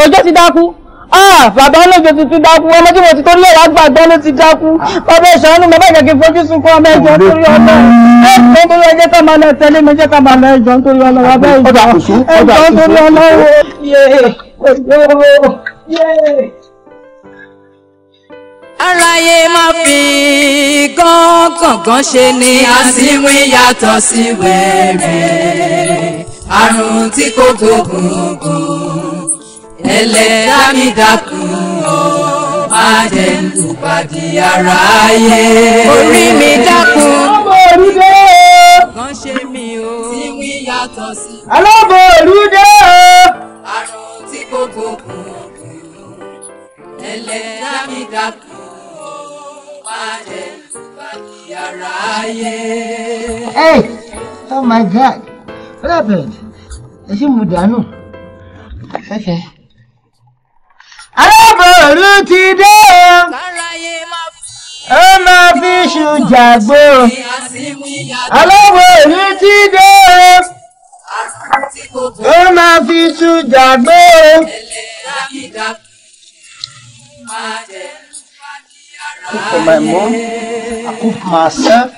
ọjọ́ ti dákú bàbá olóògbé ti ti dákú ọmọ tí mo ti torí ẹ̀rọ àgbàgbọ́ ló ti dákú bàbá ìṣàánú bàbá ìjẹ̀kì fojú sunkún ọmọ ẹ̀jọ̀ torí ọlọ́ ẹ̀jọ̀ torí ẹ̀jẹ̀ ká máa lọ tẹ́lé mi ẹ̀jẹ̀ ká máa lọ ẹ̀jọ̀ torí ọlọ́ bàbá ìjọ ẹ̀jọ̀ torí ọlọ́ aráyé má fi gángangan ṣe ni àsìnwé yàtọ̀ sí wẹ́rẹ́ àrùn tí kò gbógun gùn ẹlẹ́dá mi má jẹ́ ń tún pàdé orí mi dákun. ọmọ orí dé kàn ṣe mi o. tí wí yàtọ̀ sí. alábọ̀ orí dé àrùn tí gbogbo kùn ẹlẹ́dá mi má jẹ́ ń tún pàdé Oh my God! What happened? Is it Mudano? Okay alábòrú ti dé ó máa fi ṣùjàgbó alábòrú ti dé ó máa fi ṣùjàgbó. I cook for my mom, I cook for myself,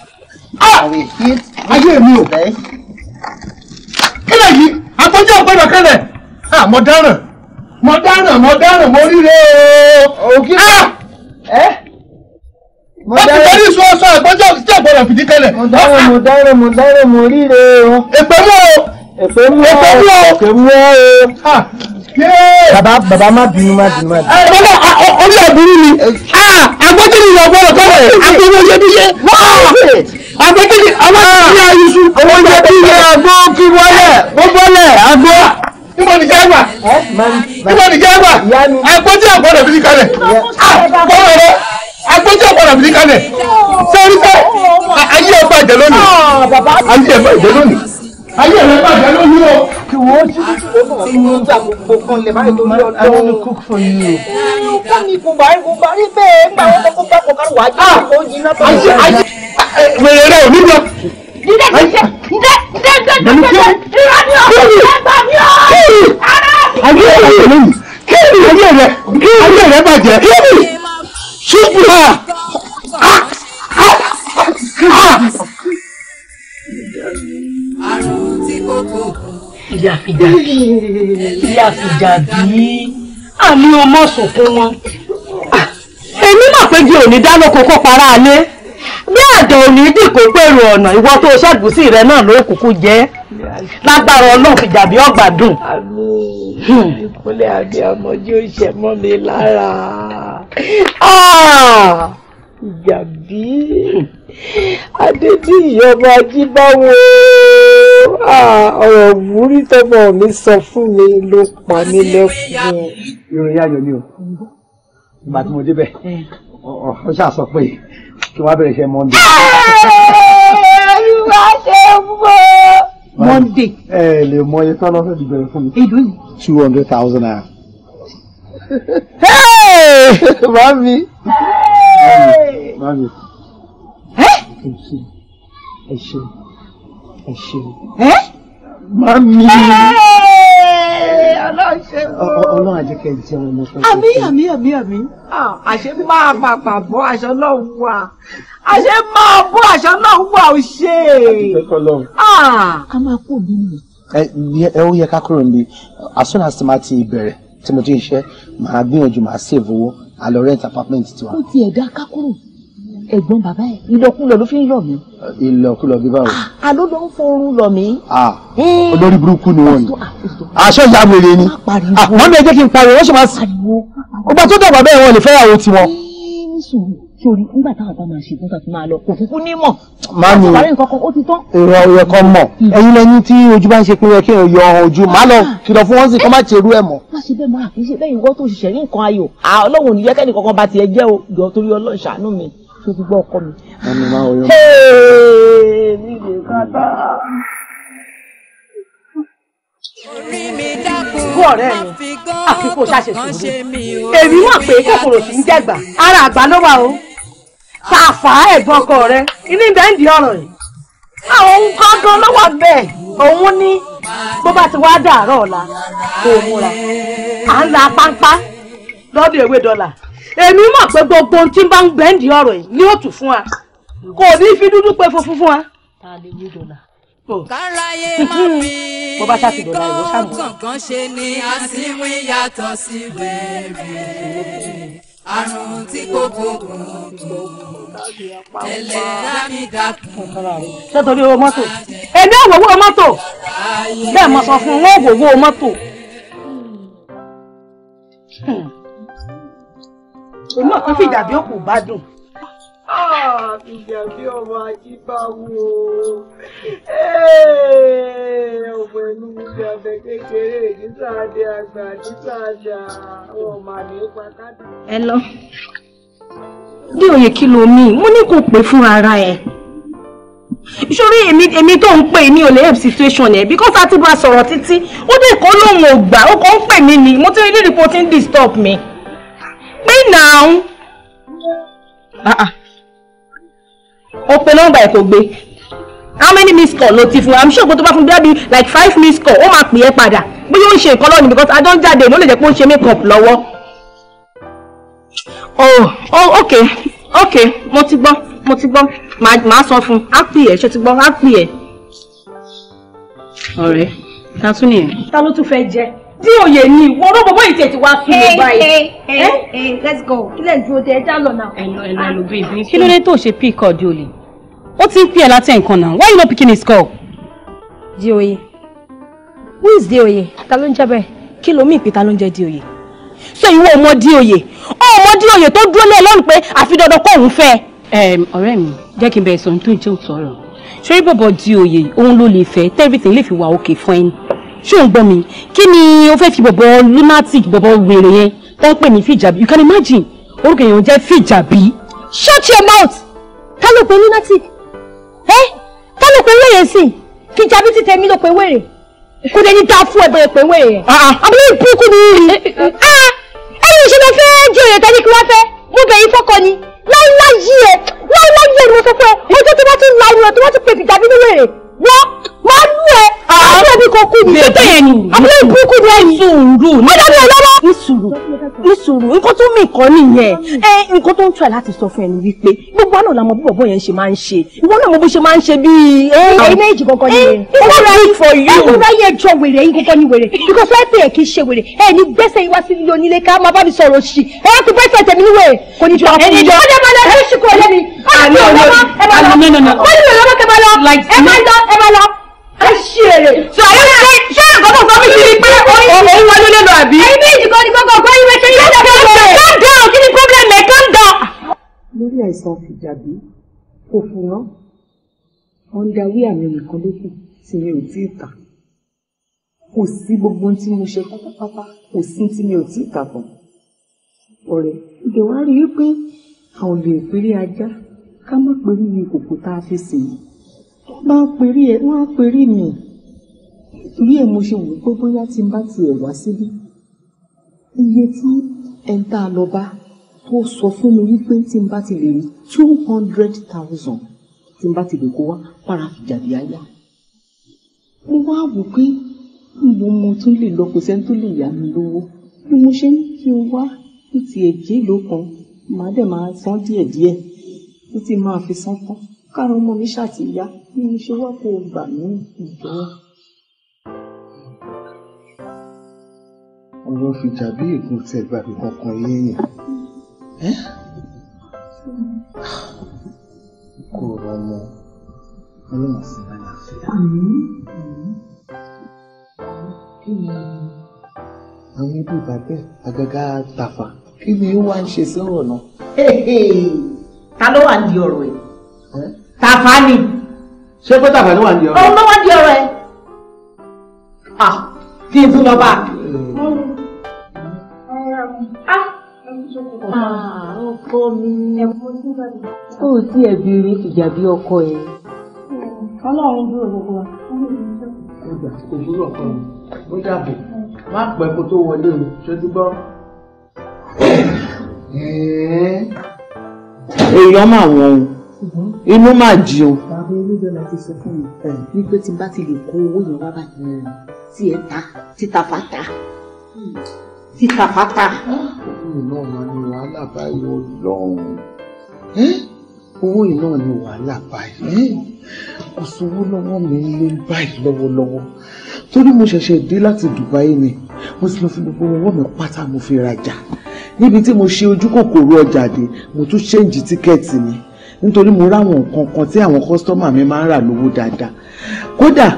ah! I will eat. Ayé mi o. Kílẹ̀ yìí, àtọ́jú ọ̀pẹ ìbàkẹ́lẹ̀, àmọ̀ ah, dáràn mo dáràn mo dáràn mo ríre o. òkè ah! ẹ. mo dáràn ó ti tẹ́lẹ̀ sọ sọ àgbọ̀jọ́ tí àgbọ̀rọ̀ fìdí kẹlẹ̀. mo dáràn mo dáràn mo dáràn mo ríre o. èpè mú o. èpè mú o èpè mú o. bàbá bàbá má bínú má bínú má bínú. ẹ bàbá orí àbúrú mi àgbọ̀jọ́ ni ìyàwó ọ̀gá rẹ̀ àgbọ̀jọ́ yẹ bí yẹ àgbọ̀jọ́ ni àwọn ìyá ayusu. owó jẹ́ bí yẹ àgbọ̀ kí wọlé gbọ́gbọ́lẹ̀ àgbọ̀ níbo ni jẹ́gbà níbo ni jẹ́gbà àpótí ọ̀gbọ́dọ̀ fi kalẹ̀ àpótí ọ̀rọ̀ àpótí ọ̀gbọ́dọ̀ fi kalẹ̀ sẹ́rí sẹ́ ayé ẹ̀ bàjẹ́ lónìí ayé ẹ̀ bàjẹ́ lónìí ayé ẹ̀ bàjẹ́ lónìí o. kí wo ti mú ta gbogbo kan lè má tó lọ. I wanna cook for you. kó ni kò bá rí kò bá rí bẹ́ẹ̀ gbà wọ́n kó bá kó kárí wàá jẹ́ kó jiná tó lọ. wèrè rẹ̀ ò ní lọ dídé àmì ọmọ sọ̀kún wọn èmi mà pé di òní dá lóko para alẹ́ bí àjọ onídìí kò pèrò ọ̀nà ìwọ tó ṣàgùsí rẹ náà ló kúkú jẹ́ lágbára ọlọ́run fìjàbí ọgbà dùn. àmín hmm. àbí ọmọdé ó ṣe mọ́ mi lára ah! ìjàbí hmm. adédìyí ọmọ ajíbáwo ah, ọ̀rọ̀ ìwúrí tọ́mọ mi sọ fún mi ló pa mí lẹ́kùn. ìròyìn ayọ̀ ni o ìgbà tí mo débẹ̀ ọ̀ eh. ṣáà sọ pé kí wọ́n bẹ̀rẹ̀ iṣẹ́ monday. olúwa ṣe wọ́. monday. ẹ ẹ lè mọ iye tọ́lọ́ fẹ́ẹ́ bẹ̀rẹ̀ fún mi. èdè ni. two hundred thousand naira. mami. mami. ẹ ṣe ẹ ọlọ́run àjẹkẹ́ jẹun ọmọ tó ń bọ̀. àmì àmì àmì àmì. àṣé máa pàpà bọ́ aṣọ náà wà àṣé máa bọ́ aṣọ náà wà ó ṣe. a máa kó òbí mi. ẹ ó yẹ ká kúrò níbi as soon as ma ti bẹ̀rẹ̀ tí mo ti ń ṣe máa gbìyànjú máa save owó a lọ rent apartment tiwa. o ti ẹ̀dá ká kúrò ẹ̀gbọ́n bàbá ẹ̀ ìlọkulọ̀ ló fi ń lọ mí. ìlọkulọ̀ bí báwo. Ah, àló ló ń forun lọ mí. Ah, hmm. olórí burúkú ni wọn ni aṣọ ìyá mi rèé ni wọn ah, bẹ jẹ́ kí n pariwo wọ́n sì máa sìn. ọgbà tó dàgbà bẹ́ẹ̀ wọn lè fẹ́yàwó tiwọn. sori nígbà táwọn bá máa ṣe fún kàfin máa lọ kò kúkú ní mọ̀. máa ní èrò ọ̀rẹ́ kan mọ̀ hmm. ẹ̀yin lẹ́yìn tí ojú bá ń ṣe pínlẹ̀ kí n yọ ojú máa lọ kìlọ̀ fún wọn sì kọ́ má ṣe irú ẹ̀ mọ́. má ṣe bẹ́ẹ̀ máa kì í ṣe bẹ́ẹ̀ ìwọ tó ṣiṣẹ́ ní nǹkan ayọ̀ ọlọ́run ò ní yẹ́kẹ́ nìkan kan bá tiẹ̀ jẹ́ o jọ torí ọlọ́run ṣàánú mi. ṣe ti ọkọ mi. Gbọ́ ọ̀rẹ́ mi, àfi kò sùúrù. Èmi mọ̀ pé kòkòrò sì ń jẹ̀gbà, ara àgbà ló wà o. Fàfà ẹ̀gbọ́n ọkọ rẹ, inú ibẹ̀ ń di yìí. Àwọn ohun ló wà bẹ́ẹ̀, òun ní bó bá ti wá dàárọ̀ ọ̀la, kò múra. À ń la páńpá ewé dọ́là. èmi mọ̀ pé gbogbo ohun tí ń bá ń gbẹ́ǹdì ọ̀rọ̀ yìí ni ó tù fún wa kò ní fi dúdú pé funfun fún wa. Oh. káráyé má fi kọ́ kankan ṣe ni àsìnwín yàtọ̀ sí wẹ́rẹ́ àrùn tí kò gbógun tẹ̀lé dámídàkùn. sẹ́tọ̀rí owó mọ́tò èmi ò wòwó mọ́tò bẹ́ẹ̀ mo sọ fún un wọ́n wòwó mọ́tò. Hmm òun náà tó fìjà bí òkú ah, bá dùn. fìjà bí ọmọ ajíbáwo ọmọ ẹnu mi abẹ kékeré nísàdé àgbà nísàdà ọmọ àmì ipa kádà. ẹ lọ dí òye kí lo mo ní kó pè fún ara ẹ sórí èmi tó ń pè mí ò lè help situation yẹn because a ti bá sọ̀rọ̀ títí ó dé kó lóun ò gbà ó kàn ń pè mí ni mo ti rí nídìí pé ń disturb mi pín náà. Ah ah. Open ẹ kò gbé how many missed call ló I'm sure am to pé from there be like five missed call Oh my, pè é padà bóyá ó ń ṣe nǹkan lọ́nìí because I don't jáde ló lè jẹ́ pé ó ń ṣe make up lọ́wọ́. oh oh okay okay. mo ti My my ti gbọ́ màá sọ fún un á pè é ṣe ti gbọ́ á pè é tí òye ni ìwọ ọ̀rọ̀ bọ̀bọ̀ yìí tiẹ̀ ti wá sún mi báyìí. Eh? let's go kí lè dúró dé ẹja lọ náà. ẹnu ẹnu ẹnu bíi bí. kí ló dé tó ṣe pick call di olè ó ti ń pè ẹ́ látẹ̀ nǹkan náà why you no picking his call. di oye who is di oye ta ló ń jẹ́ bẹ́ẹ̀ kí ló mí ìpè ta ló ń jẹ́ di oye ṣé ìwọ ọmọ di oye ọmọ di oye tó dúró lé lọ́rùn pé àfi dandan kó òun fẹ́. ọ̀rẹ́ mi jẹ́ kí n bẹ̀rẹ̀ sọ̀rọ̀ tó ń jẹ́ òtọ̀ ọ̀rọ̀ ṣé bọ̀bọ̀ di oye òun ló lè fẹ́ tẹ́rìtì lè fi wà òkè fún ẹni ṣé ò ń gbọ́ mi kí ni o fẹ́ fi bọ̀bọ̀ lunatic bọ̀bọ̀ wèrè yẹn tó pè ní fìjàbí you can imagine orúkọ èèyàn jẹ́ fìjàbí. shut your mouth ká ló pe lunatic ẹ ká ló pe wèrè sí fìjàbí ti tẹ̀mí ló pe wèrè kò dé ní dáa fún ẹ bẹ́ẹ̀ pé wèrè yẹn àbúrò ìbùkún ni rí ẹ lè ṣe lọ fẹ́ jẹ́ òye tẹ́lẹ̀ kí wọ́n fẹ́ mo bẹ̀yìn fọ́kọ ni láíláyé ẹ láíláyé ẹ ni mo sọ fún ẹ ọjọ́ tó bá tún la irun ẹ tó bá tún pè fìjàbí ní wèrè wọ́n máa lú ẹ ah. máa lú ẹbí kan kú mi tètè yẹn ni àbúrò ìbúkú ni ẹni. sùúrù ní ọ̀dọ́ mi ò lọ́wọ́. ní sùúrù ní sùúrù nǹkan tó mì kan nìyẹn mm. ẹ nǹkan tó ń try láti sọ fún ẹni wípé gbogbo àná làwọn bí bọ̀bọ̀ yẹn ṣe máa ń ṣe ìwọ náà mo bó ṣe máa ń ṣe bíi. ẹyin eh, eh, méjì kankan ni wèrè. owó ra yìí for you. owó ra yìí ẹjọ wèrè ẹyin kankan ni wèrè because wọ́n pè é kì í ṣe wèrè ẹ ní gbẹ́sẹ̀ wá sí ilé onílé ká máa bá mi sọ̀rọ̀ sí ẹ wá fi gbẹ́sẹ̀ tẹ̀mí níwèé kò ní jọ fún mi. ọdẹ máa lọ ẹ ṣíkú ọlẹ́ni. àná ọlọ́wọ́ ẹ máa lọ ẹ ṣe èrè. sọ yóò ṣe ṣé nǹkan tó sọ mí sí ni pé òun wọlé lẹ́nu àbí. ẹyin méjì kan ní kọ́kọ́ kọ́ ìwé ṣe yóò ṣe ṣe calm down kí ni problem calm down. lórí àìsàn fìjàbí kò fúnná underwear àmì nìkan ló kù tí mi ò tí ì kà kò sí gbogbo ohun tí mo ṣe pátápátá kò sí tí mi ò tí ì ọ̀rẹ́ ìdè wá àwọn lè péré ajá ká má péré ní kòkó tá a fi sìn yìí wọ́n bá ń perí ẹ̀ wọ́n á perí mi torí ẹ̀ mo ṣe wò pé bóyá tí n bá tiẹ̀ wá síbí iye tí ẹ̀ ń tà lọ bá tó sọ fún mi wípé tí n bá ti lè rí two hundred thousand tí n bá ti lè kó wá para fìjàdì àyà mo wá wò pé níbo mo tún lè lọ kò sẹ́ni tó lè yá mi lówó bí mo ṣe ń kí n wá ní ti ẹ̀jẹ̀ ìlú kan màá dẹ̀ máa san díẹ̀díẹ̀ títí máa fi san tán káàrún ọmọ mi ṣàtìyá bí mo ṣe wá kó o gbà mí ìjọ. ọ̀rọ̀ fìjà bí ègún tẹ gbàgbé kankan yéèyàn kò rọ ọmọ ọlọ́run sì bá àwọn ibi ìbàdàn àgàgà tàfà kí ni ó wá ń ṣe sí ọ̀rọ̀ náà. ta ló wà ní ọ̀rọ̀ yìí tàfà ni. ṣé pé tàfà ló wà ní ọ̀rọ̀. òun ló wá di ọ̀rọ̀ ẹ. kí n tún lọ bá a. ọkọ mi ó tí ẹbí rí ìjà bí ọkọ ẹ. ọlọ́run dúró gbogbo wa. ọjà kò dúró ọkọ mi ó dàbọ̀ má pẹ́ kó tó wọlé o ṣé ti èèyàn máa wọ̀n o inú máa jí o. bàbá olóyè la ti sọ fún mi wípé tí n bá ti lè kó owó yẹn wá báyìí tí ẹ ta títa fata títa fata. òun náà máa ní wàhálà báyìí ó lọ́hùn-ún owó yìí náà wàhálà báyìí kò sówó lọ́wọ́ mi lé báyìí lọ́wọ́lọ́wọ́ torí mo ṣẹ̀ṣẹ̀ dé láti Dubai ni mo sì lọ fi gbogbo owó mi pátá mo fi rajà níbi tí mo ṣe ojú kòkòrò ọjà dé mo tún ṣéǹjì tíkẹ́ẹ̀tì mi nítorí mo ráwọn nǹkan kan tí àwọn kọ́sítọ́mà mi máa ń rà lówó dáadáa kódà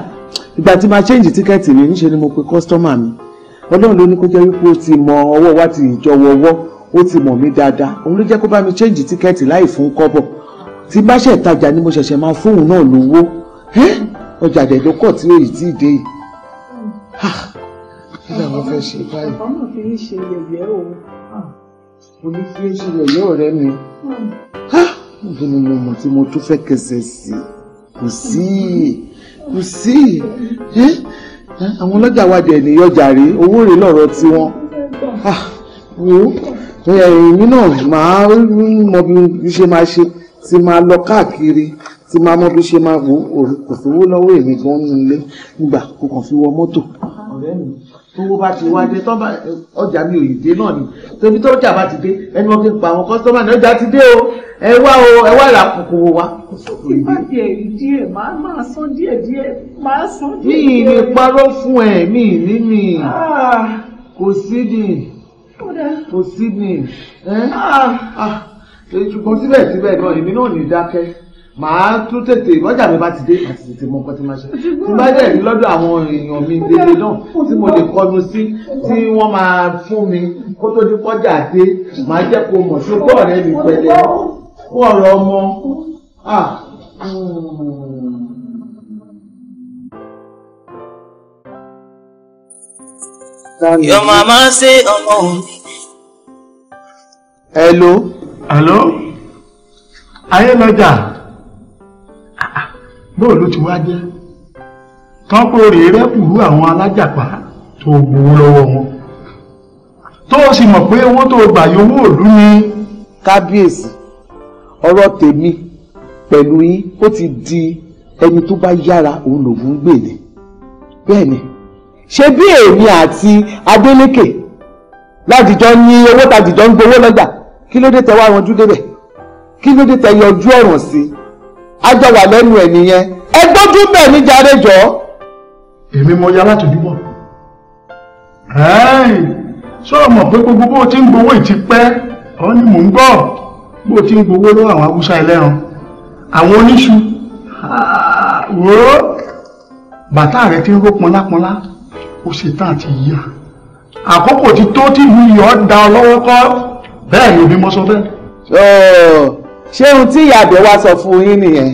ìgbà tí máa change tíkẹ́ẹ̀tì mi níṣe ni mo pe kọ́sítọ́mà mi ọlọ́run ló ní kó jẹ́ wípé ó ti mọ ọwọ́ wa ti ìjọ wọwọ́ ó ti mọ̀ mí dáadáa òun ló jẹ́ kó bá mi change tíkẹ́ẹ̀tì láì fún kọ́bọ̀ tí bá ṣe ìtajà ni mo ṣẹ̀ṣẹ̀ máa fóun náà lówó ọjà àdẹ̀dọ́kọ̀ tí èyí tí ì dé yìí kí làwọn fẹ́ ṣe báyìí. ọmọ fi ń ṣe yẹ̀yẹ́ o. onífíyèsí yẹ̀yẹ́ ọ̀rẹ́ mi. Hmm kí ni mo mọ̀ tí mo tún fẹ́ kẹsẹ̀ sí kò sí kò sí àwọn ọlọ́jà wa dẹ̀ ní ọjà rí owó rèé lọ́rọ̀ tiwọn wo èmi náà máa mọ bí ṣe máa ṣe ti máa lọ káàkiri ti máa mọ bí ṣe máa wò kò sówó lọ́wọ́ èmi gan nílé nígbà kò kàn fi wọ mọ́tò. ọ̀rẹ́ mi tówó bá ti wá dé tó bá ọjà mi ò yìí dé náà ni tóbi tó jà bá ti dé ẹni wọn kí n pa àwọn kọ́sítọ́mà ní ọjà ti dé o ẹ wá o ẹ wá ìlàkùkù wo wa. kòsókè bá tiẹ̀ rí díẹ̀ máa máa san díẹ̀ díẹ̀ máa san díẹ̀ díẹ̀. mi ì ní parọ́ fún ẹ̀ mi ì ní mi kò sí ni kò sí ni ṣùgbọ́n síbẹ̀síbẹ̀ náà èmi náà ní dákẹ́ màá tún tètè lọ́jà mi bá ti dé àti tètè mọ nǹkan tí màá ṣe tí bá dẹ̀ rí lọ́dọ̀ àwọn èèyàn mi délé náà tí mo lè kọnu sí tí wọ́n máa fún mi kó tó di kọjá dé màá jẹ́ kó mọ̀ ṣùgbọ́n ọ̀rẹ́ mi pẹ̀lẹ́ ó ọ̀rọ̀ ọmọ à. Your mama say ọmọ òun. Hello. Hello. Ayé lọ́jà. Bóòlù ló ti wá jẹ́. Tọ́pọ̀ rèé rẹ́pùrú àwọn alájàpá tó gbowó lọ́wọ́ wọn. Tó o sì mọ̀ pé owó tó gbà yọ owó òlú ni. Kábíyèsí ọ̀rọ̀ tèmi pẹ̀lú yín ó ti di ẹni tó bá yára òun lòún ń gbèlè bẹ́ẹ̀ ni ṣé bí èmi àti Adélékè ládìjọ ní owó tàdìjọ ń gbowó lọ́jà kí ló dé tẹ wá yanjú débẹ̀ kí ló dé tẹ yanjú ọ̀ràn sí i ajọ wà lẹ́nu ẹ̀ nìyẹn ẹ gbọ́dọ̀ bẹ́ẹ̀ ní jáde jọ. èmi mo yá láti dúbọ̀ sọ̀rọ̀ mọ̀ pé gbogbo bó ti ń gbowó ìtipẹ́ ọ ni mò ń gbọ́ bó ti ń gbowó lọ́wọ́ àwọn haúsá ẹlẹ́ran àwọn oníṣu ah, wò ó bàtà rẹ ti ń ró pọnlápọnlá ó ṣe tán àti yíyà àkókò ti tó tí ìlú yọ da ọ lọ́wọ́ kọ́ bẹ́ẹ̀ ni òbí mọ́ sọ bẹ́ẹ̀. ṣé ohun tí ìyá àbẹ̀ wá sọ fún yín nìyẹn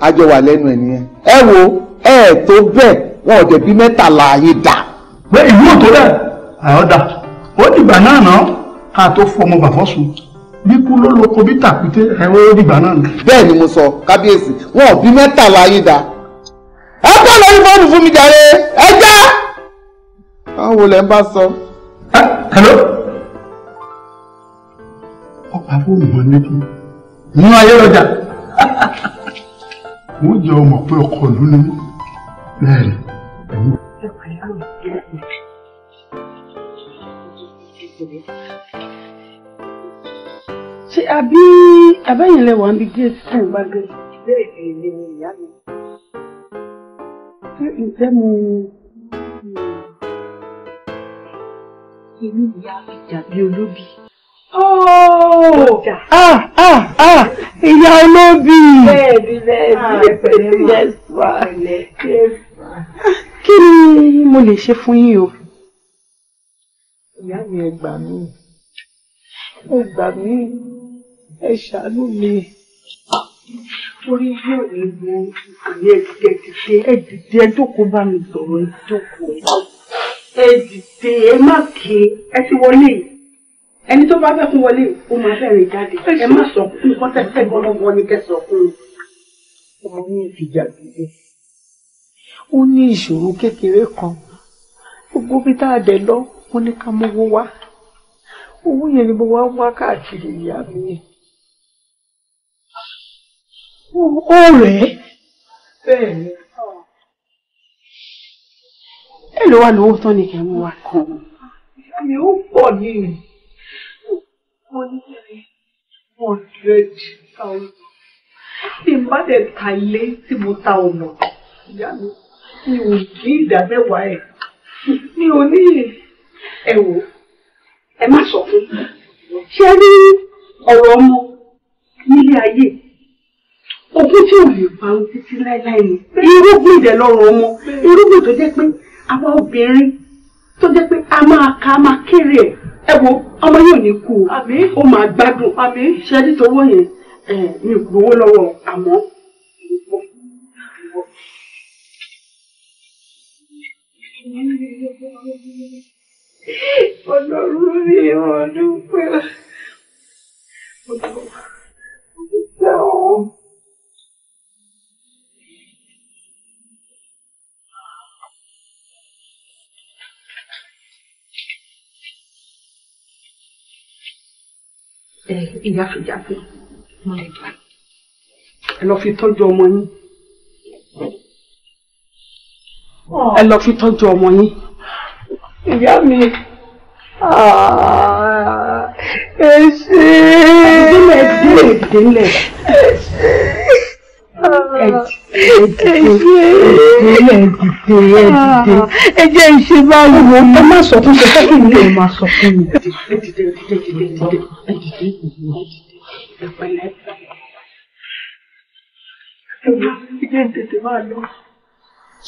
a jọ wà lẹ́nu ẹ̀ nìyẹn ẹ wo ẹ tó bẹ́ẹ̀ wọn ò dẹ̀ bí mẹ́tàlá yín dà. pé ìlú ò bẹ́ẹ̀ àyọ̀ dà ó dìgbà náà náà ká tó fọmọ bàfọ́ sùn bíkú ló lóko bí tàkúté ẹ̀wọ́n ó dìgbà náà. bẹ́ẹ̀ ni mo sọ kábíyèsí wọn ò bí mẹ́tàlá yín da ẹ kọ́ lórí fóònù fún mi jàre ẹ já. àwọn wo lẹ ń bá sọ. ẹ hello. ọkọ̀ àfọwọ́nù mọ́ létí nínú ayé ọjà mo jẹ́ ọmọ pé ọkọ̀ ìlú ni bẹ́ẹ̀ ni. Thank you àbí àbẹ́yìn lẹ wà níbi gate tẹ̀ ń bá gate. bẹ́ẹ̀ ni èmi ni ìyá mi. ṣé ǹjẹ́ mo. èmi ìyá ìjà bíi olóbì. ọjà. Oh! Ah, ah ah ah ìyá olóbì. bẹ́ẹ̀ni bẹ́ẹ̀ni ah, pẹ̀lẹ́ mọ pẹ̀lẹ́ kí ni mo lè ṣe fún yín o. ìyá mi ẹ gbà mí ẹ gbà mí ẹ ṣàánú mi. orí yóò ní wo àmì ẹ̀dìdẹ́ ti ṣe ẹ̀dìdẹ́ ẹ̀dókòó bá mi sọ̀rọ̀ ẹ̀dókòó. ẹ̀dìdẹ́ ẹ má ké ẹ ti wọlé yìí ẹni tó bá fẹ́ fún wọlé ó máa fẹ́ rìn jáde ẹ má sọ fún nǹkan tẹ́tẹ́ gbọ́dọ̀gbọ́ ni kẹ́ sọ fún un. ọmọ yín fi jàdúgbò ó ní ìṣòro kékeré kan gbogbo bí tá a dẹ̀ lọ wọn ní ká mówó wá owó yẹn ni mo wá ń wá káàkiri ìyá mi yẹn ó rẹ̀ ẹ́. bẹ́ẹ̀ni. ẹ ló wà lówó tán ni kẹ́ mú wa kàn. àmì ó pọ̀ ní ìlú. mo ní kẹ́rin one hundred thousand. bí n bá dẹ̀ ta ilé tí mo ta ọ̀nà ìyá mi mi ò ní ìdá ẹ̀ mi ò ní ẹ̀ ẹ má sọ fún mi ṣé ní ọ̀rọ̀ ọmọ nílé ayé ogún tí ò lè parun títí láéláé ni irúgbìn ìdẹ̀ lọ́rùn ọmọ irúgbìn tó jẹ́ pé àwa obìnrin tó jẹ́ pé a máa ka a máa kéré ẹ̀ ẹ wo ọmọ yóò ní kú ó máa gbádùn ṣe nítorọ́ yẹn mi ò gbowó lọ́wọ́ àmọ́. Ọlọ́run mi ò dúpẹ́. Ọlọ́run mi ò dúpẹ́. Eh, ìyá fìjà pé ẹ lọ fi tọ́jú ọmọ yín ẹ lọ fi tọ́jú ọmọ yín. ìyá mi ah, ẹ ṣe é. ẹ ṣe é. ẹ ẹ jẹ́ ìṣe báyìí wo ẹ má sọ fún ṣe fẹ́kì mi ò máa sọ fún mi.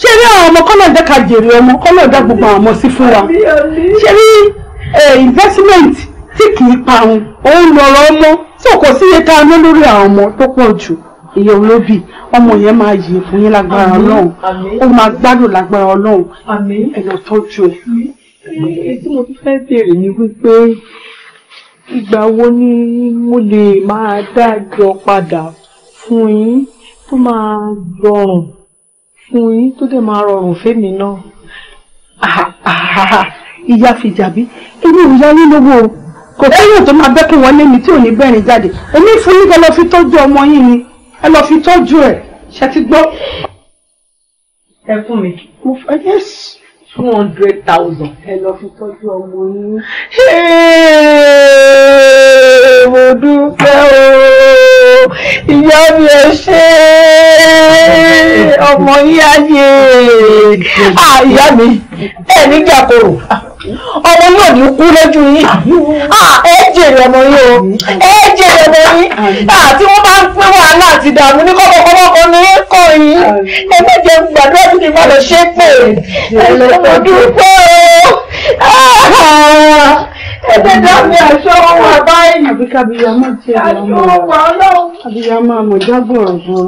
ṣé rí àwọn ọmọ kọ́nà jẹ́ ká jèrè ọmọ kọ́nà dá gbogbo àwọn ọmọ sí fún wa ṣé rí investment tí kì í parun òun lọ̀rọ̀ ọmọ tí kò sí iye tá a ná lórí àwọn ọmọ tó pọ̀ jù ìyá olóbì ọmọ yẹn máa yè fún yín lágbára ọlọ́run ó máa gbádùn lágbára ọlọ́run ẹ lọ ẹ. tí mo fẹ́ béèrè ni wípé ìgbà wo ni mo lè máa dájọ́ padà fún yín tó máa rọrùn fún yín tó dẹ̀ máa rọrùn fẹ́mi náà. ìyá fìjàbí èmi ò yín lówó kò sẹ́yìn tó máa bẹ́kùn wọlé mi tí ò ní bẹ́rin jáde èmi fún yín kẹ́ lọ fi tọ́jú ọmọ yín ni ẹ lọ fi tọ́jú ẹ̀ ṣe ti gbọ́. ẹ fún mi. mo fẹ́ yẹ́sì two hundred thousand. ẹ lọ fi tọ́jú ọmọ yín. mo dúpẹ́ o ìyá mi ẹ ṣé ọmọ yín ayé ah, ìyá mi ẹ nígbà koro ọmọ náà ní kú lójú yín ah, ẹ jèrè ọmọ yín o ẹ jèrè ọmọ yín àti ah, wọn bá ń pín wàhálà àti ìdààmú ní kọkọkọkọ ní kọ yín ẹ má jẹ gbàdúrà tí kì í má lọ ṣe pé ẹ dúpẹ́ o ah, ẹgbẹ́dá mi àṣọ wọn báyìí. àbí kábíyàmọ tí ẹ lọ mọ àbíyàmọ àmọjá gbọrọgbọrọ.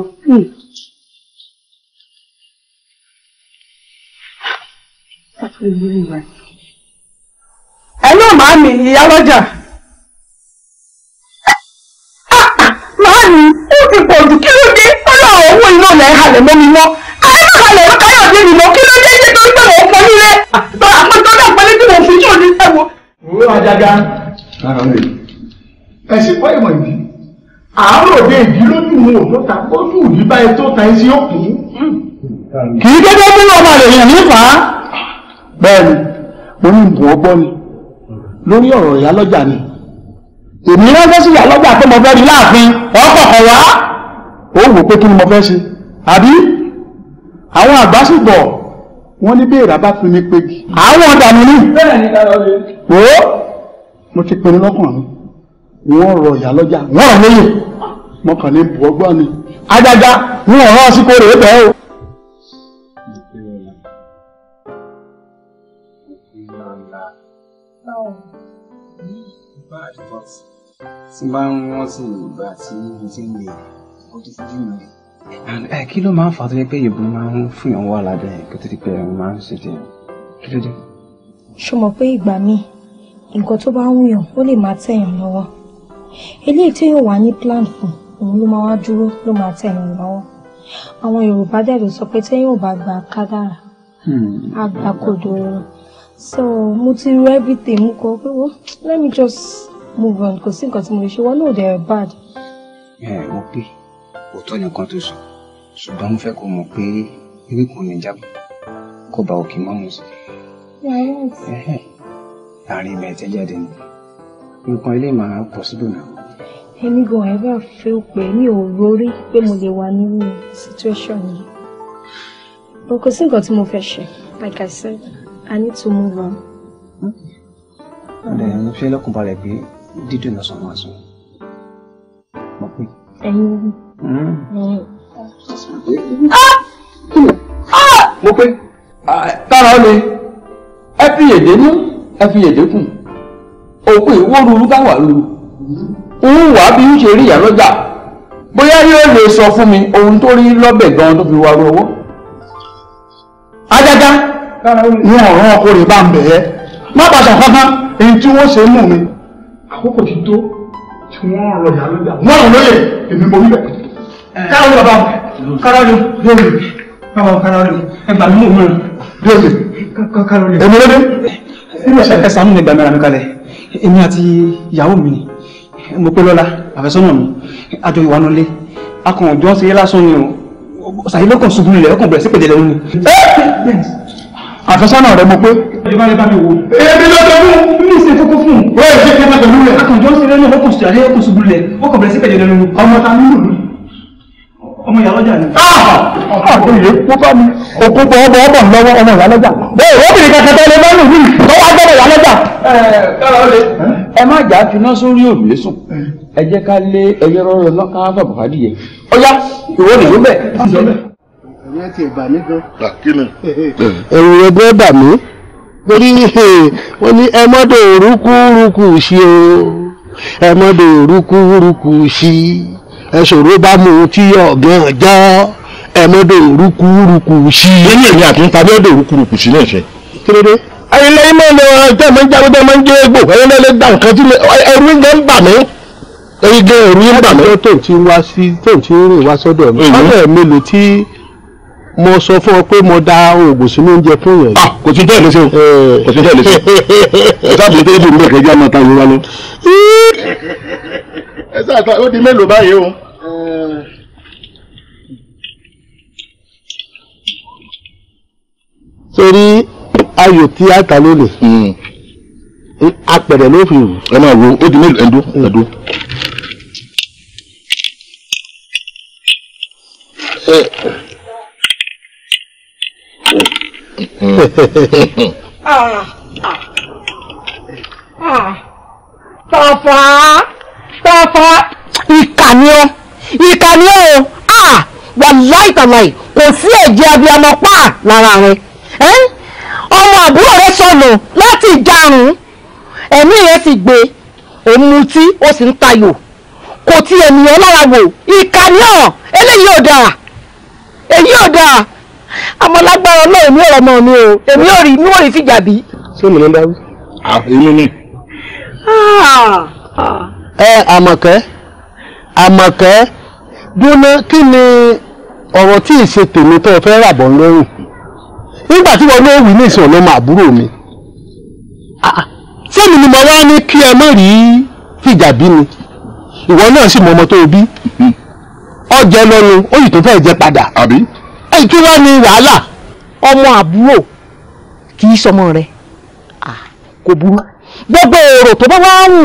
That's really right. Hello màámi ìyá lọ́jà. Màámi ó ti pọ̀ jù kí ló dé? Ó lọ owó iná lẹ̀ halẹ̀ mọ́ mi mọ́. Àyẹ̀wò halẹ̀ ló káyọ̀dé mi mọ́ kí ló dé nítorí pé òun pọ̀ nílé. Bàbá àpótọ́ náà pẹ́lẹ́ tí mo fi jù ní ẹ̀wọ̀. Òwe àjàgà. Ẹ̀sìn pọ̀ ìmọ̀ ìdí. Àárò òde ìdí ló dùn mú òtó ta. Ó dùn ìdí báyìí tó ta ẹsẹ̀ òkú. Kì í dédé mú ọmọ rẹ̀ yàn nípa. Bẹ́ẹ̀ni, mo ní ìbùn ọgbọ́n ni lórí ọ̀rọ̀ ìyálọ́jà ni èmi ránṣẹ́ sí ìyálọ́jà pé mo fẹ́ rí láàfin ọ̀pọ̀kọ̀ wá ó wò pé kí ni mo fẹ́ ṣe àbí àwọn àgbà sì bọ̀ wọ́n ní béèrè bá fi mi pegi àwọn ọ̀dàmù ni ó mo ti pinnu lọ́kàn mi wọ́n rọ ìyálọ́jà wọ́n rọ lóye mo kàn ní bùọ́gbọ́n ni ajaja wọn ò sí kórè bẹ́ẹ̀ o. tí bá ń rántí ìgbà tí mo ti ń lè ọdún fojú mi. ẹ eh, kí ló máa ń fà tó yẹ pé ìbò máa ń fún ìyàwó aládé ẹ kó tó di pé ẹ̀rọ máa ń ṣe jẹ kí ló dé. ṣó mọ̀ pé ìgbà míì nǹkan tó bá ń wúyàn ó lè máa tẹ̀yàn lọ́wọ́ eléyìí tí yóò wà ní plan fún òun ló máa wá dúró ló máa tẹ̀yàn lọ́wọ́ àwọn Yorùbá dẹ̀ ló sọ pé tẹ́yìn ò bá gba kádàrá àgbàkodò hmm so mo ti ro everything mo kọ pé wọ́n let me just move on kò sí nǹkan tí mo lè ṣe wọ́n náà dẹ̀ bad. ẹ ẹ mo pè òótọ́ nìkan tó sọ ṣùgbọ́n mo fẹ́ kó mọ̀ pé eré kan ní jábọ̀ kó bá òkè mọ́nu sí. láàrin ibẹ̀ tẹ́ jáde ni nǹkan ilé máa pọ̀ síbẹ̀ náà. èmi gan ẹ bá fẹ́ pé mi ò rórí pé mo lè wà nínú situation yìí but kò sí nǹkan tí mo fẹ́ ṣe like I said. I need to move on. Ọ̀dà ìyàwó fi ẹlẹ́kùn balẹ̀ pé dídùn náà sọ̀rọ̀ àṣọ. Mọ̀ pé. Ẹyin. Hmm? Ah! Ah! Mo pé tára ó le ẹ fi èdè mú ẹ fi èdè kù. Òpin ìwó ruru bá wà ruru. Òun wà bí ń ṣe rí ìyá lọ́jà. Bóyá yóò lè sọ fún mi ohun tó rí lọ́bẹ̀ gan tó fi wá ru ní ọ̀rọ̀ ọkọ rẹ̀ bá ń bẹ̀ ẹ́ má bàtà kankan èyí tí wọ́n ṣe mú mi. àkókò ti tó tí wọ́n rọ ìyá lóye àwọn ọ̀rọ̀ lóye èmi mo wíwẹ̀. káráwé bàbá káráwé lóye bàbá káráwé ẹgbà mi mò ń lóye káráwé. èmi lóde. ẹ ṣàánú ni gbàmẹ́ra mi kalẹ̀ èmi àti ìyàwó mi mo pé lọ́la àfẹ́sọ́nà mi àjọ ìwà nulẹ̀ akọ̀ọ̀jọ́ ṣe é lásán ni o ṣàyẹ̀lẹ́kọ̀ ṣubú ilẹ̀ ọkàn bẹ̀rẹ̀ sí pẹ̀lẹ́ lẹ́nu ni àfẹ́sọ́nà rẹ mo pé. èmi ló dé mú. mi ṣe kókó fún un. wọ́n yóò ṣe kókó pẹ̀lú rẹ̀. akànjọ́ ń ṣeré náà ó kò sùn àdéhùn kò ṣubú lẹ̀ ó kò bẹ̀rẹ̀ sí pẹ̀lú ẹnu. ọmọ ta ni lòlù. ọmọ ìyálọ́jà ni. ọmọ ìyè kó bá mi. òkú bọ̀ ọbọ̀ ọbọ̀ lọ́wọ́ ọmọ ìyálọ́jà. bẹ́ẹ̀ obìnrin kankan tó lè bá lù yìí lọ́wọ́ agbọ́dọ̀ ìyálọ́jà. ẹ má jà finá sórí òrùlé sùn ẹ jẹ́ ká lé ẹyẹ rọrọ lọ́kàn ìyẹn ti bà mí gan. ẹ̀rù rẹ̀ bẹ́ẹ̀ bà mí torí wọ́n ní ẹ mọ́dọ̀ rúkúrúkú sí o ẹ mọ́dọ̀ rúkúrúkú sí ẹ ṣòro bá mú un tí ọ̀gán jọ́ ẹ mọ́dọ̀ rúkúrúkú sí. nínú èmi àti nípa bí ọ̀dọ̀ rúkúrúkú sí náà ṣe. kí ló dé ayẹlẹ yìí máa ń lọ ọjọ́ máa ń jáwé jẹ́ máa ń jẹ́ egbò ayẹlẹ lè da nǹkan tí ẹrú ń jẹ́ ń bà mí ẹyin gan ẹrú ń bà mí. tó ń ti wá sí tó ń ti rìn wá sọ́dọ̀ mi mo sọ fún ọ pé mo da oògùn sínú oúnjẹ fún yẹn. Ah, kò tún tẹ́lẹ̀ ṣe o kò tún tẹ́lẹ̀ ṣe o sábà tó dùn mẹ́kẹ́ jẹ́ àmọ́ta yorùbá lọ. ẹ sáà ó di mélòó báyìí o. sórí ayò tí a ta lónìí hmm. apẹ̀rẹ̀ ló fi wù. ẹ máa wo ó di mélòó ẹ̀dó ẹ̀dó. ẹ tàfà tàfà ìkà ni ọ ìkà ni ọ o wàláì tàláì kò sí ẹ̀jẹ̀ abiyamọ pa lára rẹ ọmọ àbúrò rẹ sọnù láti ìjarun ẹ̀mí rẹ sì gbé òun mutí ó sì ń tayò kò ti ènìyàn lára wò ìkà ni eléyìí ò dáa èyí ò dáa àmọ́ lágbára ọlọ́run ní ọ̀rọ̀ ọmọ mi o èmi ò rí níwọ̀n rí fìjà bí. ṣé mi ló ń dáwí. àfihàn ah, ni. Ah, ah. ẹ àmọ̀kẹ́ àmọ̀kẹ́ dúná kí ni ọ̀rọ̀ tí ì ṣe tèmi tó o fẹ́ ràbọ̀ lọ́rùn nígbà tí wọn ló wí ní ìsìn ọlọ́mọ àbúrò mi sẹ́mi ni mo wá ní kí ẹ má rí fìjà bí ni ìwọ náà sì mọ ọmọ tó o bí ọjẹ hmm. lọ́nu ó yìí tó fẹ́ jẹ padà. àbí èyí kí wàá ní wàhálà ọmọ àbúrò kì í sọmọ rẹ kò burú gbogbo èrò tó bá wá wù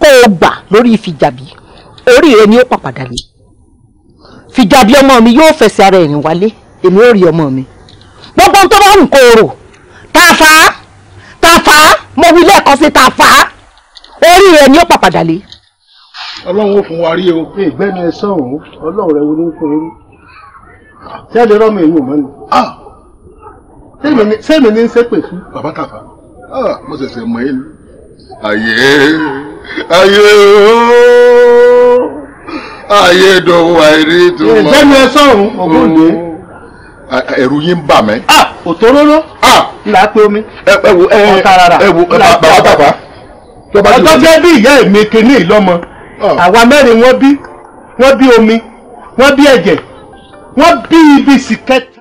kó o gbà lórí ìfìjàbí orí rẹ ni ó pàpàdà lè fìjàbí ọmọ mi yóò fẹsẹ̀ ara ẹ̀rìn wálé èmi ò rí ọmọ mi gbogbo tó bá wù kó o rò tàfà tàfà mo wí lẹ́ẹ̀kan sí tàfà orí rẹ ni ó pàpàdà lè. ọlọ́run ó fún wa rí o ìgbẹ́ni ẹ̀sán òun ọlọ́run rẹ̀ wo ní fún orí. ṣé ẹ lè rọ́mọ èyí ò mọ́ ni. Ah! ní ń ṣépè fún. bàbá Tàfà ah! mo mọ̀ ooo ayé dọ̀wọ́ àìrí tó mọ̀. ìjẹ́nu ẹ sọ̀rùn ògbóǹde. la. wo wo omi wọ́n bí ibi sì kẹta.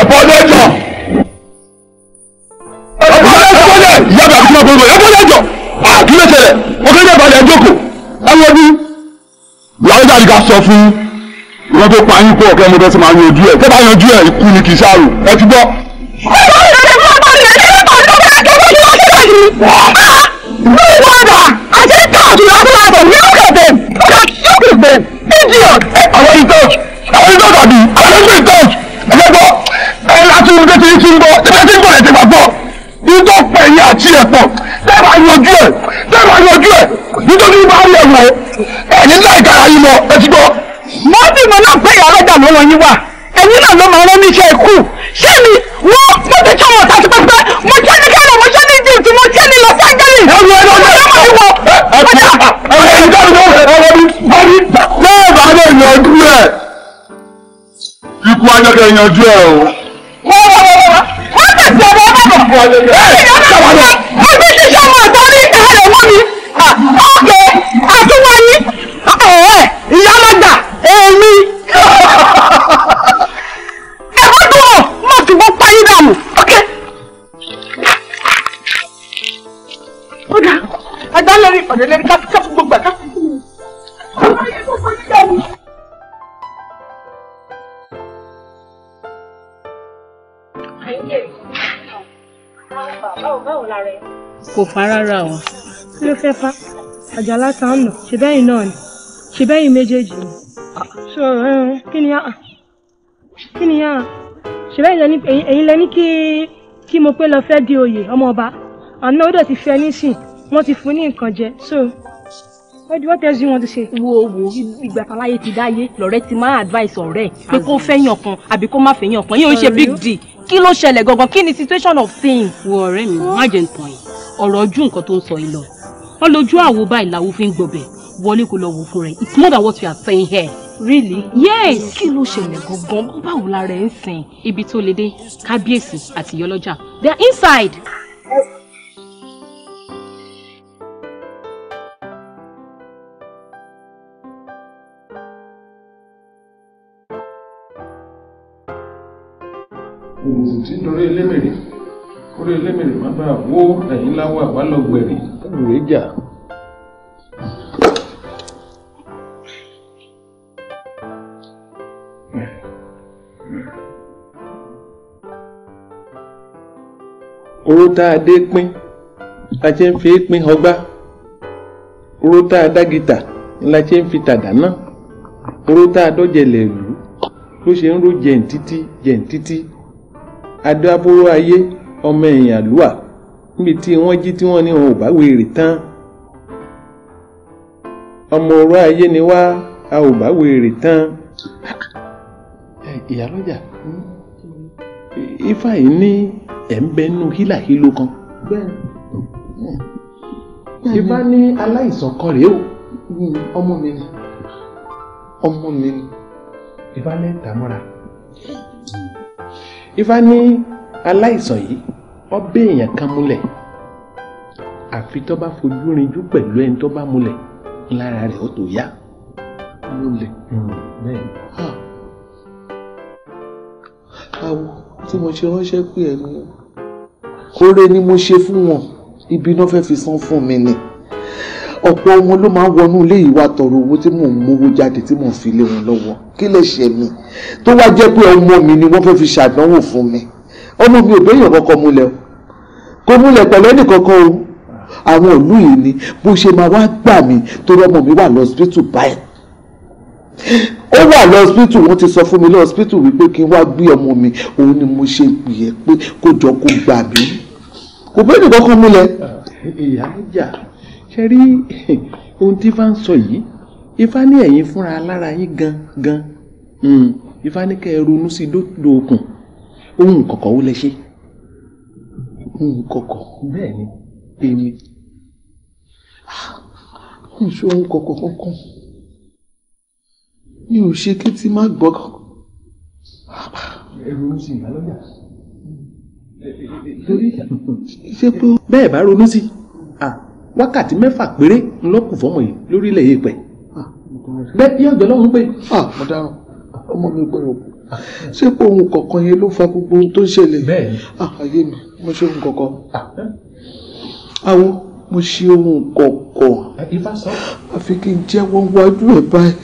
ọ̀pọ̀lọ́jọ́ ọ̀pọ̀lọ́jọ́ yàrá àti ọ̀pọ̀lọ́jọ́ ọ̀pọ̀lọ́jọ́ àkíyèsí rẹ̀ ọ̀kẹ́jọ́ balẹ̀ ẹ̀jọ́kọ̀ ẹ̀wọ́n bí làwọn ìdáríkà sọ fún un nǹkan tó pa yín pọ̀ kẹ́ mo fẹ́ máa yanjú ẹ̀ tẹ́lá yanjú ẹ̀ ikú ni kì í ṣàrò ẹ ti gbọ́. àwọn ìtọ́jú àwọn ìtọ́jú àbí àwọn ìtọ́jú ẹ̀fẹ́ gbọ́ ẹ̀ láti ohun tó ti ń tún bọ́ tẹ́lẹ̀ tí ń bọ̀ ẹ̀ ti gbà bọ̀ ìjọ pẹ̀yì àti ẹ̀pọ̀ tẹ́lá yanjú ẹ̀ tẹ́lá yanjú ẹ̀ nítorí bá rí ẹ̀wọ̀ ẹ̀yìn láìka ayé lọ ẹ ti lọ́wọ́ yín wà ẹ̀yin náà ló máa rán níṣẹ́ ikú ṣé mi wọ́n mo ti tí ọ̀tá ti mo jẹ́ ní kẹ́rọ mo jẹ́ ní Egypt mo jẹ́ ní Los Angeles mo jẹ́ ní ìwọ ọjà. lẹ́ẹ̀bà lè yanjú ẹ̀ ikú ayọ́kẹ́ yanjú ẹ̀ o. ṣe bẹ́yìn náà ni ṣe bẹ́yìn méjèèjì ni ah. so eh, kí ni yàrá kí ni yàrá ṣe bẹ́yìn lẹ́ni èyí lẹ́ni kí kí mo pé lọ fẹ́ di oyè ọmọọba àná ó dẹ̀ ti fẹ́ nísìn wọ́n ti fún ní nǹkan jẹ so what do you want you want to say. wo wo ìgbà tàláyé ti dáyé lọ́rẹ́ ti máa advice ọ̀rẹ́ pé kó fẹ́yàn kan àbí kó má fẹ́yàn kan yóò ṣe big deal kí ló ṣẹlẹ̀ gangan kí ni situation of things. wo ọ̀rẹ́ mi má jẹ́ ń tàn yìí ọ̀rọ̀ ojú nǹkan tó ń sọ yìí lọ ó lójú àwo báyìí làwo fi ń gbọbẹ wọlé kó lọ wò fún rẹ it's more than what we are saying here. really yes kí ló ṣẹlẹ̀ gangan báwo la rẹ̀ ń sìn. ibi tó le dé kábíyèsí àti ìyọlọ́jà they are inside. òmùsùn tí ń dorí elémèrè kórè elémèrè má bàa wó ẹ̀yìn láwọ àbálọ̀gbẹ̀rì gbèrè jà. oró tá a dé pín la ṣe ń fi é pín ọgbá oró tá a dá gìtà la ṣe ń fi tàdá náà oró tá a dọ́jẹ̀lẹ̀ rú ló ṣe ń ró jẹ̀ǹtítí jẹ̀ǹtítí adé abúrò ayé ọmọ èèyàn lùwà níbi tí wọ́n jí tí wọ́n ní wọn ò bá wèrè tán ọmọ ọ̀rọ̀ ayé ni wá a ò bá wèrè tán. ìyálọ́jà ifá yìí ní ẹ̀ńbẹ́nu hílàhílo kan. ifá ní aláìsàn kan rèé o ọmọ mi ni ọmọ mi ni ifá lẹ́ẹ̀ta mọ́ra ifá ní aláìsàn yìí ọbẹ̀ èèyàn kan múlẹ̀ àfi tó bá fojú rinjú pẹ̀lú ẹni tó bá múlẹ̀ lára rẹ̀ ó tó yá múlẹ̀ hmm, bẹ́ẹ̀ awo tí mo ṣe ránṣẹ́ pé ẹ ní oore ni mo ṣe fún wọn ibi náà fẹ́ẹ́ fi san fún mi ni ọ̀pọ̀ wọn ló máa ń wọnú ilé yìí wá tọrọ owó tí mò ń mówó jáde tí mò ń fi lé wọn lọ́wọ́ kí lè ṣe mí tó wá jẹ́ pé ọmọ mi ni wọ́n fẹ́ fi ṣàdánwò fún mi ọmọ mi ò béèyàn kọ́kọ́ múlẹ̀ o kó múlẹ̀ pẹ̀lú ẹnì kankan o àwọn ìlú yìí ni bó ṣe máa wá gbà mí torí ọmọ mi wà lọ́sibítù báyìí ó wà lọ́sibítù wọ́n ti sọ fún mi lọ́sibítù wípé kí n wá gbé ọmọ mi òun ni mo ṣe gbìyẹ pé kó jọ kó gbà mí kò bẹ́ẹ̀ nìkan kan múlẹ̀. ìyá ìjà ṣe rí ohun tí Ifá ń sọ yìí Ifá ní ẹ̀yin fúnra lára yín gan gan hmm. Ifá ní kẹ́ ẹ ronú sí dòdò ohun kọ̀ọ̀kan ó lẹ ṣe kọ̀kọ̀ bẹ́ẹ̀ ni èmi mi ò ṣe ohun kọ̀kọ̀ kankan mi ò ṣe kí tí má gbọ́ kankan. ẹrù ń sìn lálọ́jà torí ṣé pé bẹ́ẹ̀ bá ronú sí wákàtí mẹ́fà péré ńlọ́kù fọ́mọ yìí lórílẹ̀ yìí pẹ̀ bẹ́ẹ̀ bí ọ̀jọ̀ lọ́hùn pé mo dáràn ọmọ mi gbọ́dọ̀ ṣé pé ohun kọ̀ọ̀kan yẹn ló fa gbogbo ohun tó ń ṣẹlẹ̀ bẹ́ẹ̀ ni ayé mi mo ṣe ohun kọ̀kọ̀ àwo mo ṣe ohun kọ̀kọ̀ àfi kí n jẹ́wọ́ wájú ẹ̀ báyìí.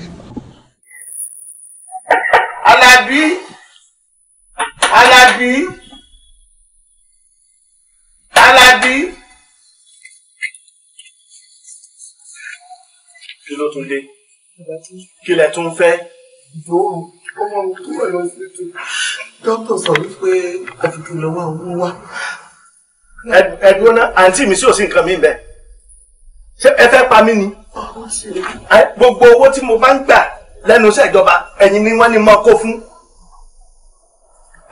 Àlàbí Àlàbí Àlàbí. kí ló tún dé kí lẹ tún fẹ́. dókítà sọ wípé àfikún lọ́wọ́ àwọn wá. ẹ̀dùn náà àǹtí mi sí òsì nǹkan mi bẹ́ẹ̀ ṣé ẹ fẹ́ pa mí ni gbogbo owó tí mo bá ń gbà lẹ́nu iṣẹ́ ìjọba ẹ̀yin ni wọ́n ní mọ́ kó fún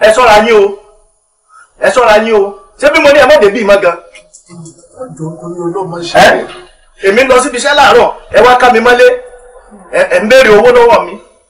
ẹ ṣọ́ra yín o ẹ anyi yín o ṣé bí mo ní ẹ mọ̀ débi ìmọ̀ gan. èmi ń lọ síbi iṣẹ́ láàárọ̀ ẹ wá ká mi mọ́lé ẹ ń béèrè owó lọ́wọ́ mi.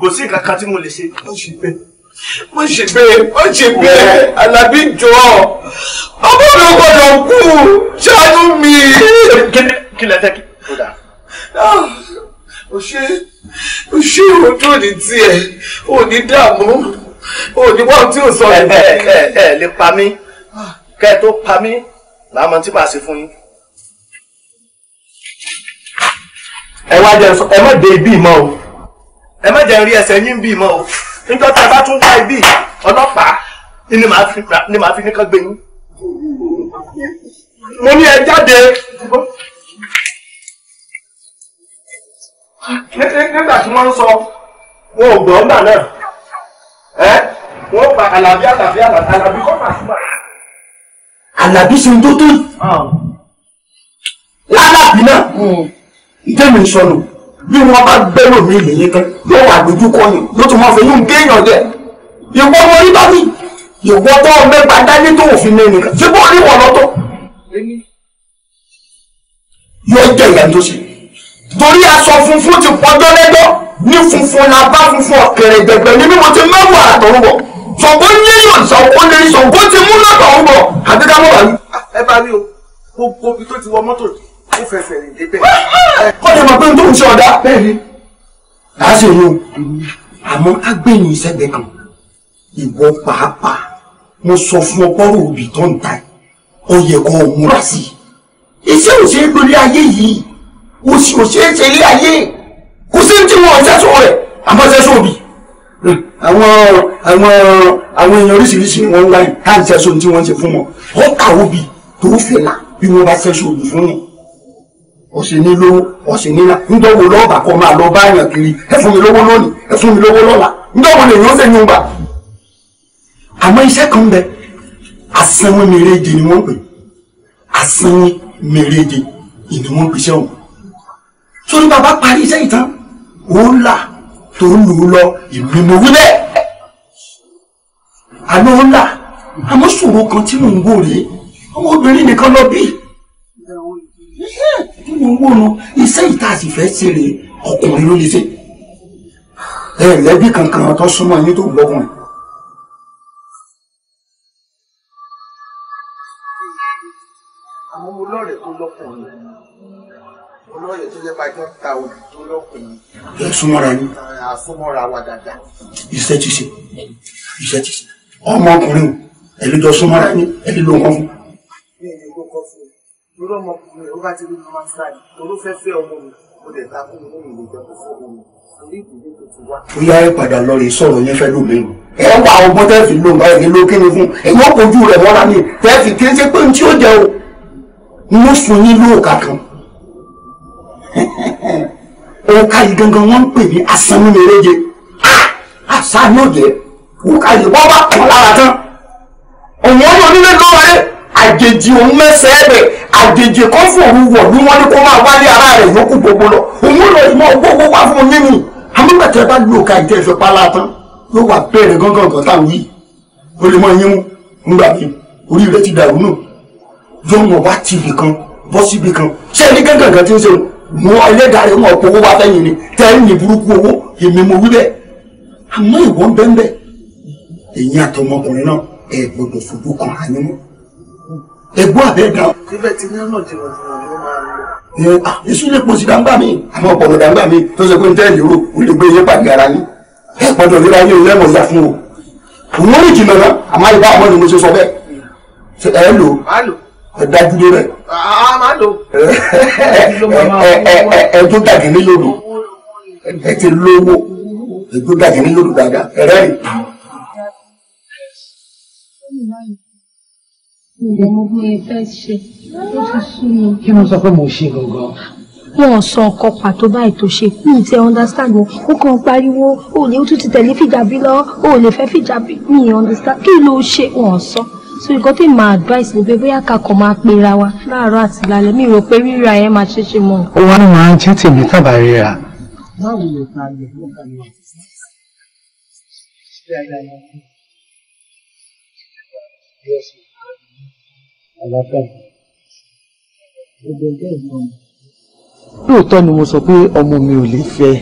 kò sí nǹkan kan tí mo lè ṣe má ṣe bẹ́ẹ̀ má ṣe bẹ́ẹ̀ má ṣe bẹ́ẹ̀ alábí jọ ọmọ mi ò gbọdọ̀ kú ṣáájú mi. kí lẹ fẹ́ ah, o ṣe o ṣe ojú òní tiẹ̀ òní dààmú òní wà tí ò sọ. ẹ ẹ ẹ lè pa mí ah. kẹ́ ẹ tó pa mí làá mọ tí màá ṣe fún yín. ẹ wá jẹ ẹ má dé ibi mọ́ o ẹ má jẹ́ n rí ẹsẹ̀ yín bí mọ́ o nígbà tí a bá tún wá ibi ọlọ́pàá ni màá fi ni màá fi ní kán gbé yín. mo ní ẹ jáde. nígbà tí wọ́n ń sọ wọn ò gbọ́ ńgbà náà ẹ wọ́n pa àlàbí àlàbí àlàbí kọ́ máa fún wa. àlàbí ṣe ń tó tó yìí. lálàbí náà hmm. ìdẹ́mi sọnù bí wọ́n bá gbẹ́rù mi lèyí tán yóò wà lójú kọ́yìn ló tún máa fi yún kéèyàn jẹ ìwọ ọmọ yìí bá mi ìwọ tó mẹ́gbàá dání tó òfin mi nìkan ṣé bó rí wọn lọ́tọ̀ yóò jẹ ìyá tó ṣe torí aṣọ funfun ti pọjọ́ lẹ́jọ́ ní funfun la bá funfun ọ̀kẹ́rẹ́ gbẹgbẹ ní bí mo ti mẹ́wàá àtọ̀run bọ̀ ṣọ̀gbọ́n yíyan ṣọ̀gbọ́n lè ṣọ̀gbọ́n ti mú lọ́tọ̀run bọ̀ àbíká mọ̀ bá mi. ẹ bá mi o gbogbo ibi tó ti wọ mọ́tò yìí ó fẹsẹ̀ rìn débẹ̀. ó lè mọ̀ pé n tó ń ṣe ọ̀dà. bẹ́ẹ̀ni láàṣẹ yóò àmọ́ agbẹ̀yìn ìṣẹ́gbẹ̀ kan ìwọ pàápàá mo sọ fún ọ pọ́rọ̀ òbí tó ń ta ó yẹ kó o múra sí i. iṣẹ́ ò ṣe é lórí ayé yìí o sì ò ṣe é ṣe lé ayé kò sí ti wọn ọ̀ṣẹ́ sọ rẹ̀ àmọ́ ṣẹ́ sọ òbí. àwọn àwọn àwọn èèyàn oríṣiríṣi wọn ń láyìn káà ń ṣẹ́ sọ ohun tí wọ́n ń ṣe fún wọn. ó kà òbí tó fẹ́ la bí wọ́n bá ṣẹ́ òbí fún wọn ọ̀sìn ní lówó ọ̀sìn ní ńlá ńdọ́wọ́ lọ́ọ̀bà kọ́ máa lọ báyàn kiri ẹ fún mi lówó lónìí ẹ fún mi lówó lọ́la ńdọ́wọ́ lè yóò fẹ́ yún gbà. àmọ́ iṣẹ́ kan bẹ asanwó méréje ni wọ́n pè asanwó méréje ni wọ́n pèsè ọ̀hún. sórí bàbá parí iṣẹ́ ìtàn ó ń là tó ń lò ó lọ ìmìmọ̀wé bẹ́ẹ̀. àná ó ń là àmọ́ ṣòro kan tí mò ń gbòòrè ọmọbìnrin nìkan lọ bíi owó nu iṣẹ́ ìta sì fẹ́ ṣe rèé ọkùnrin ló lè ṣe ẹ lẹ́bí kankan tó súnmọ́ yín tó lọ́kùnrin. àwọn olóòrè tó lọ́kùnrin olóòrè tó jẹ́ pàjọ́ ta òbí tó lọ́kùnrin. ẹ súnmọ́ra yín. àsúnmọ́ra wa dáadáa. iṣẹ́ ti ṣe iṣẹ́ ti ṣe ọmọkùnrin ẹ lè jọ súnmọ́ra yín ẹ lè lo nǹkan fún irú ọmọkùnrin ó bá ti rí mi máa ń sáré torí ó fẹ́ fẹ́ ọmọ mi ó lè ta kó mi ní ìlú ìjọba fún ọmọ mi torí ìdílé tó ti wá. ó yá ẹ padà lọ rè sọ̀rọ̀ yẹn fẹ́ lómi nù. ẹ wá ọgbọ́n tẹ́ fi lo nǹkan ẹ̀ ló kí ni fún kojú rẹ̀ mọ́ra ni tẹ́ fi kí n ṣe pé n tí ó jẹ o mo sùn ní ìlú òkà kan. yìí gangan wọ́n ń pè ní asanúmereje àṣà yóò jẹ́ òkà yìí wọ́n bá kàn lára tán òun ọmọ nílé lọ́wọ́ àjèjì òun mẹ́sẹ̀ẹ́ bẹ̀ àjèjì kan fòru wọ̀ ní wọ́n ní kó máa wálé ara rẹ̀ yókù gbogbo lọ òun lọ ìmọ̀ gbogbo wá fún un nínú amúgbàtẹ́ bá lò ká ìjẹ́ ìṣọpá látán yóò wà bẹ̀rẹ̀ gángan kan táwọn yìí ó lè mọ yín mú nígbà míì orí rẹ ti dàrú nù yóò mọ̀ wá tìbì kan bọ́ síbi kan ṣé ní gángan kan ti ń ṣe mọ ẹlẹ́dàá rẹ̀ mọ̀ pé owó wá fẹ́yìn ni tẹ́yìn ní burúkú owó èmi mo wí bẹ́ẹ̀ àmọ́ ìwọ ń bẹ́ńbẹ́ èyí àtọmọkùnrin náà ẹ gbọ́dọ̀ fojú kan ànímọ́ ẹ̀gbọ́n àbẹ́ẹ̀dá. síbẹ̀ tí ní ọ̀nà jìnnà jìnnà ló máa ń lọ. ẹ ah èso lè pọ̀ sí dàgbà mi àmọ́ ọ̀pọ̀lọpọ̀ dàgbà mi tó ṣe pé ń tẹ́ ìlérò ó lè gbé yé pàdé ara yín ẹ gbọ́dọ̀ ríra yín òun ẹ̀mọ̀ ìyá fún o. òun ó rìn jìnnà náà àmọ́ ìbá ọmọ ni mo ṣe sọ bẹ́ẹ̀ ṣe ẹ lò ẹ dájú lé rẹ̀. ẹ tó dàgé ní yòdò ẹ ti lówó ẹ tó dàgé ní yòdò dáadáa ẹ rẹ́rìn. ǹjẹ́ mo fún yín fẹ́ ṣe ó ti sú mi. kí ló sọ pé mo ṣe gangan. wọn sọ ọkọ pàtó báyìí tó ṣe kí n understand wọn ó kàn pariwo ó lè tún ti tẹ̀lé fìjàbí lọ ó lè fẹ́ fìjàbí mi understand kí ló ṣe wọn sọ so nǹkan tí màá advice ni pé bóyá kakọ̀ máa pera wa láàárọ̀ àti lálẹ́ mi rò pé rírà yẹn máa ṣe ṣe mọ́. ó wá máa jẹ́ tèmi tábà ríra. báwo ló ta lè mú kàn mí lóòótọ́ ni mo sọ pé ọmọ mi ò lè fẹ́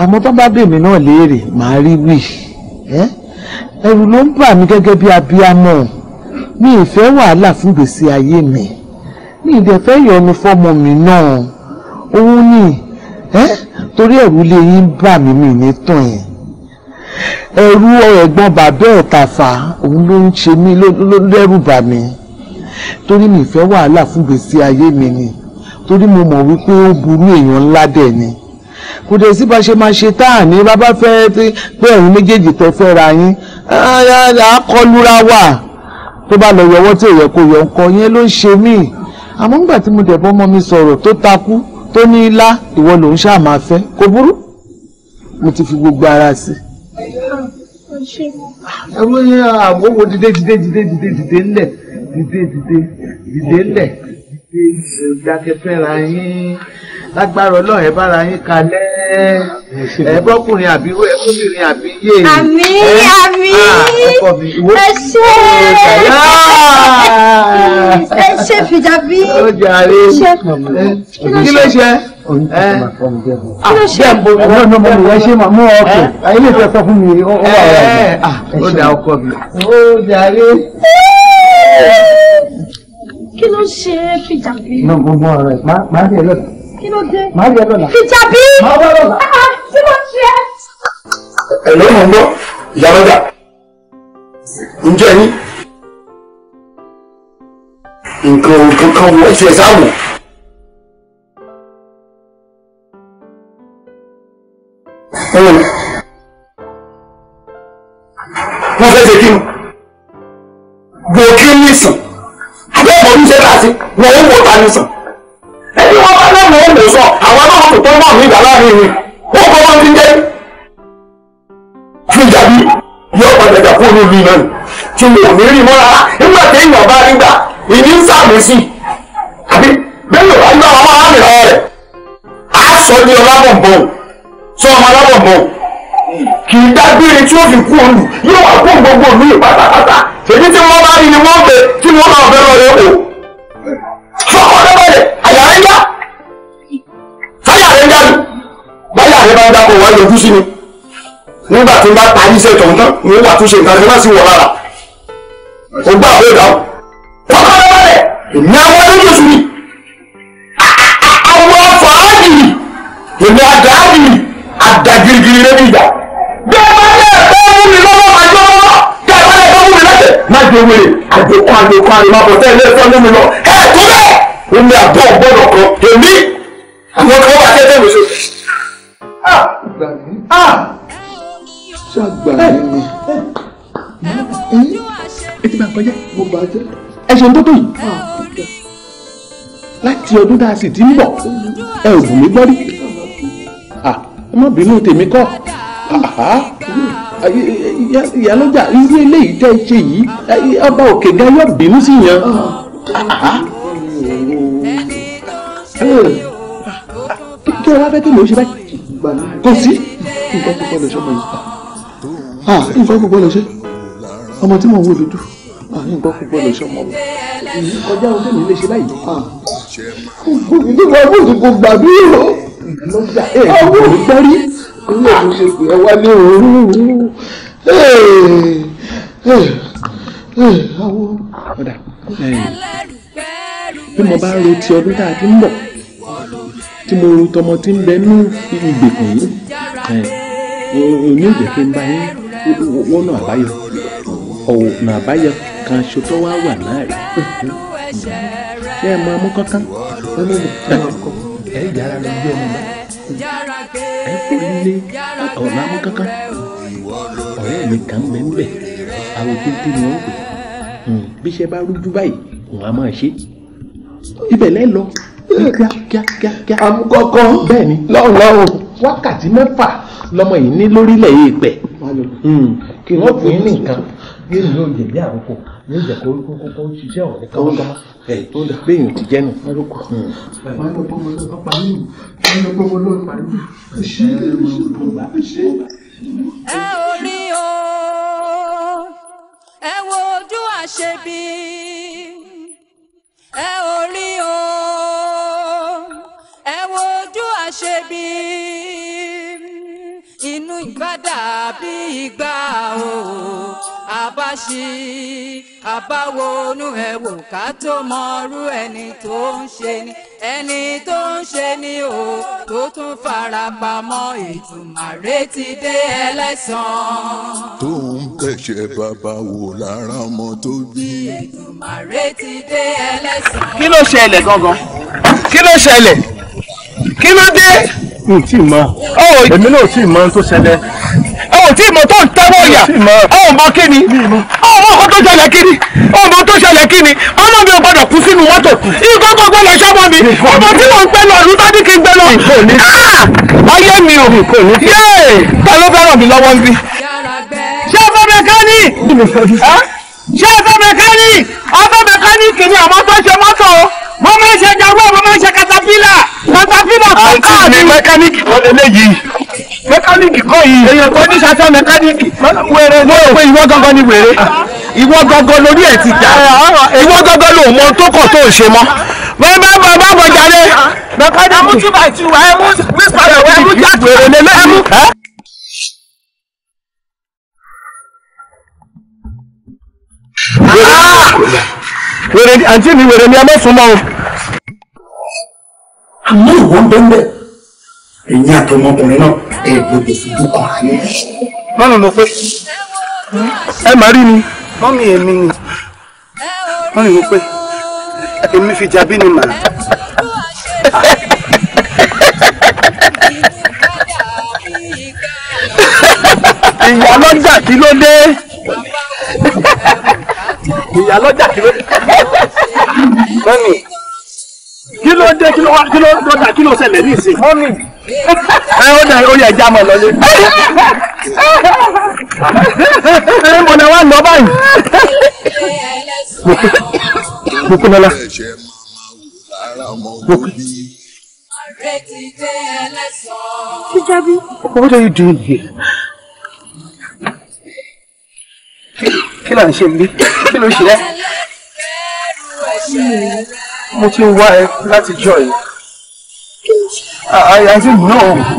àmọ́ tó bá bèmí náà léèrè màá rí wì ẹ̀rù ló ń bà mí gẹ́gẹ́ bí abiyamọ mi ì fẹ́ wàhálà fún gbèsè ayé mi mi ì dẹ̀ fẹ́ yọnu fọ́mọ mi náà òun ni torí ẹ̀rù lè yín bà mí mi ní tàn yẹn ẹ̀rù ẹ̀gbọ́n bàbá ẹ̀ tàfà òun ló ń ṣe mí ló bà mí torí mi ìfẹ́ wàhálà fún gbèsè ayé mi ni torí mo mọ̀ wípé ó burú èèyàn ńlá dẹ̀ ni kò dẹ̀ sí bá ṣe máa ṣe tá à ní bàbá fẹ́ pé ẹ̀yin méjèèjì tẹ́ fẹ́ ra yín àkọlura wà tó bá lọ yọwọ́ tí ò yẹ kó yọ nǹkan yẹn ló ń ṣe mí àmọ́ nígbà tí mo dẹ̀ bọ́ ọmọ mi sọ̀rọ̀ tó takú tó ní ilá ìwọ lòún ṣáà máa fẹ́ kò burú mo ti fi gbogbo ara sí i ẹ̀rọ yẹn àwòwò dìde dìde dìde dìde dìde ńlẹ̀ dìde dìde dìde ńlẹ̀ dìde ìdákẹ́ fẹ́ra yín lágbára ọlọ́run ẹ bára yín kalẹ̀ ẹ bọ́kùnrin àbí wẹ́ kóbìnrin àbí yé àmì àmì ah, ẹ ṣe ẹ ṣe fìjàbí ẹ ṣe kí ló ṣe. Eh? Ah, kí nǹkan kankan wọ́n ṣe ẹ̀sáàmù. ọmọ mi wọ́n fẹ́ ṣe kí ni wò kí ni sàn abẹ́ẹ̀mọ̀ ń ṣe láti wọ́n ó wò ta ni sàn ẹni wọ́n bá lẹ́nu ó lè sọ àwọn náà kò tó náà ní ìgbà láàrin mi ó kọ́ wọn ti jẹ́ fún ìjàbí yóò padà jà fún olú náà tí mo ò ní rí mọ́ nígbà tí èèyàn bá rí gbà ìní ń sàmì sí àbí bẹ́ẹ̀ ni ọ̀rọ̀ àgbà wọn máa ń rìn rẹ̀ á sọ ní sọ ọmọ alábọ̀mọ́ kì í dágbére tí ó fi kú òlù yóò wá kó gbogbo òlù yìí pátápátá èyí tí wọ́n bá rí ni wọ́n bẹ tí wọ́n náà fẹ́ rẹ̀ o. fọkàn rẹ balẹ̀ àyà rẹ ń dá táyà rẹ ń dá mi báyà rẹ bá ń dákọ̀ wá lójú sí mi nígbà tí n bá parí iṣẹ́ tọ̀hún tán ni ó wà túnṣe nǹkan tí wọ́n sì wọ̀ lára ó gbà pé ìdáhùn fọkàn rẹ balẹ̀ èmi àwọn ẹlẹ́jọ̀sùn mi. ti rẹ́ ìjà. bí ẹ bá lè fẹ́ mú mi lọ́wọ́ àjọ lọ́wọ́ bí ẹ bá lè fẹ́ mú mi lẹ́sẹ̀ má jẹ wèrè àdékọ́ àdékọ́ àrèmá bọ̀ sẹ́yìn lẹ́sẹ̀ mú mi lọ ẹ tó bẹ́ẹ̀ ó ní àbọ̀ gbọ́dọ̀ kan èmi àwọn kan wà tẹ́tẹ́ mi sọ. ṣàgbà mi ni eh? ẹ ti bá nǹkan jẹ́ mo bá jẹ́ ẹ ṣe ń tó tó yìí ah, láti ọdún tá a sì ti ń bọ̀ ẹ ò bù mí gbọ́ rí má bínú tèmi kọ́ ìyálọ́jà irú eléyìí tẹ́ ṣe yìí ọba òkè gan yóò bínú sí yan. kí ọlá fẹ́ kí ló ṣe báyìí kò sí nǹkan púpọ̀ lè ṣe ọmọ yìí nǹkan púpọ̀ lè ṣe ọmọ tí mò ń wò dúdú nǹkan púpọ̀ lè ṣe ọmọ mi kọjá ohun tẹ̀mí lè ṣe báyìí. ìdíbò ọgbọ́n ti kò gbàdúrà lọ́jà ẹ̀ẹ́dì kò gbárí ilé ìlú ṣe pé ẹ wá ní òru àwọn ọ̀dà bí mo bá ro ti ọdún tá a ti ń bọ̀ tí mo ro tọmọ tí ń bẹ ní ìgbèkùn yìí ní ìjẹ́ kí n bá yín wọ́nà àbáyọ ọ̀nà àbáyọ kan ṣo tó wá wà náà rẹ̀ ṣé ẹ mọ ọmọ kankan ẹ yára lọ bí ọmọ náà ẹ kò lé ọ̀nà àwọn kankan ọ̀rẹ́ mi kàn bẹ́ẹ̀ ń bẹ̀ àwọn tètè ni wọ́n pè hmm, bí iṣẹ́ bá rújú báyìí òun á máa ṣe ibẹ̀ lẹ́ lọ kíákíákíá. àmukọ́kọ́ bẹ́ẹ̀ ni lọ́rùn lọ́rùn. wákàtí mẹ́fà lọmọ yìí ní lórílẹ̀ yìí pẹ̀ hmm, kí wọ́n fún yín nìkan yóò ní yóò jẹ̀bi àròkọ yóò jẹ́ kó kó kó ṣiṣẹ́ ọ̀rẹ́ kọ́mọ́kọ́mọ́. ẹ tó dà bẹ́ẹ̀ yóò ti jẹ́ nù. àròkọ máa ń lọ parí nù máa ń lọ parí nù. ẹ ò rí o ẹ wo ojú àṣebí ẹ ò rí o ẹ wo ojú àṣebí inú ìgbà dàbí ìgbà o àbáṣí àbáwonú ẹ wò ká tó mọrú ẹni tó ń ṣe ni ẹni tó ń ṣe ni o tó tún fara pamọ́ ètùmàrè ti dé ẹlẹ́sàn. tó ń bẹ̀ṣẹ̀ bàbá wò lára ọmọ tó bí. ètùmàrè ti dé ẹlẹ́sàn. kí ló ṣẹlẹ̀ gangan kí ló ṣẹlẹ̀ kí ló dé. mi ò tí ì mọ oh, èmi náà ò tí ì mọ ohun tó ṣẹlẹ̀ ò tí mọ̀ tó ń tẹ́wọ́ yà ọ̀hún bá kí ni ọ̀hún ọkọ̀ tó ṣẹlẹ̀ kí ni ọ̀hún bá tó ṣẹlẹ̀ kí ni ọmọ mi ò gbọdọ̀ kú sínú mọ́tò ikọ́ gbogbo lọ ṣọ́mọ mi ọmọ tí mò ń gbẹ lọ ọ̀rú bá ní kí n gbẹ lọ ayé mi ò yéè ta ló fẹ́ràn mi lọ́wọ́ ń bí. ṣé ọkọ mẹkáníì ṣé ọkọ mẹkáníì ọkọ mẹkáníì kì ni àwọn tó ṣe mọ́tò mo máa ń ṣe jagbó mo máa ń ṣe katapila katapila kọ́ káàdì. àti mi mẹkáníìkì kan lélẹ́yìí mẹkáníìkì kọ́ yìí èèyàn kan ní sátán mẹkáníìkì wèrè ni o pé ìwọ gangan ni wèrè ìwọ gangan lórí ẹ̀ ti jà ìwọ gangan ló mọ tó kọ̀ tó ṣe mọ́ wọ́n bá bọ̀ bá bọ̀ jáde. mẹkáníìkì ẹmu túbà ìtura ẹmu wíṣọ ẹmu jáde ẹmu. wèrè ni àǹtí mi wèrè ni ẹ mọ̀ sún mọ́ o. àmọ́ ìwọ ń bẹ́ńbẹ́ èyí àtọmọkùnrin náà ẹ gbọ́dọ̀ fojú kan ayé rí. mọ́nà ló pé ẹ máa rí ni mọ́mí èmi ni mọ́nà ló pé èmi fi jabí ni màá. ìyá lọ́jà kí ló dé ìyá lọ́jà kí ló dé mọ́mí kí ló dé kí ló dà kí ló ṣẹlẹ̀ ní ìsìn. mọ́mí ó dà ó yẹ jámọ̀ lọlé mo náà wá lọ báyìí mo kú lọ́la mo kú. Hijabi, what are you doing here? Kí ló ń ṣe mí? Kí ló ṣe ẹ́? Mo ti ń wá ẹ láti jọ yìí. Kí ló ṣe? I, I said no.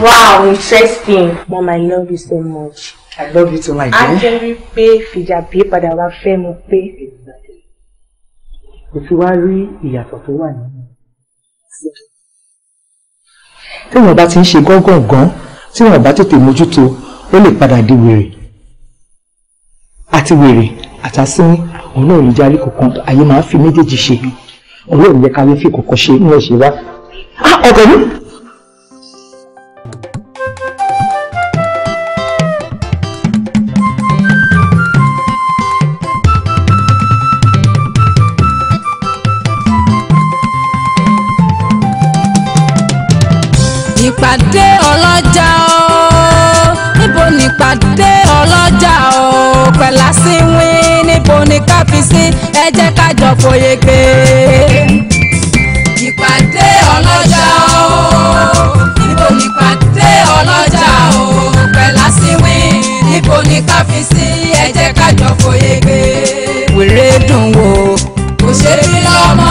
Wow, interesting. Mom, I love you so much. I love you too, my dear. I Ajẹ́ for fìjàbí paper that fẹ́ mu pé kò ti wá rí ìyàtọ̀ tó wà nínú téèyàn bá ti ń ṣe gángangan téèyàn bá tètè mójútó ó lè padà di wèrè àti wèrè àtàsín òun náà lè járí kankan ayé máa ń fi méjèèjì ṣe òun náà lè jẹ́ ká lè fi kankan ṣe ní ẹ̀ṣẹ̀ wá. Ah, ọkọ nípàdé ọlọ́jà o níbo nípàdé ọlọ́jà o pẹ̀lá sí wín níbo ní káfíńsì ẹ jẹ́ ká jọ fòye gbé. ìpàdé ọlọ́jà o níbo nípàdé ọlọ́jà o pẹ̀lá sí wín níbo ní káfíńsì ẹ jẹ́ ká jọ fòye gbé. wèrè dùn wò. kò ṣe bí lọ́mọ.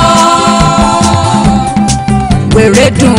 wèrè dùn.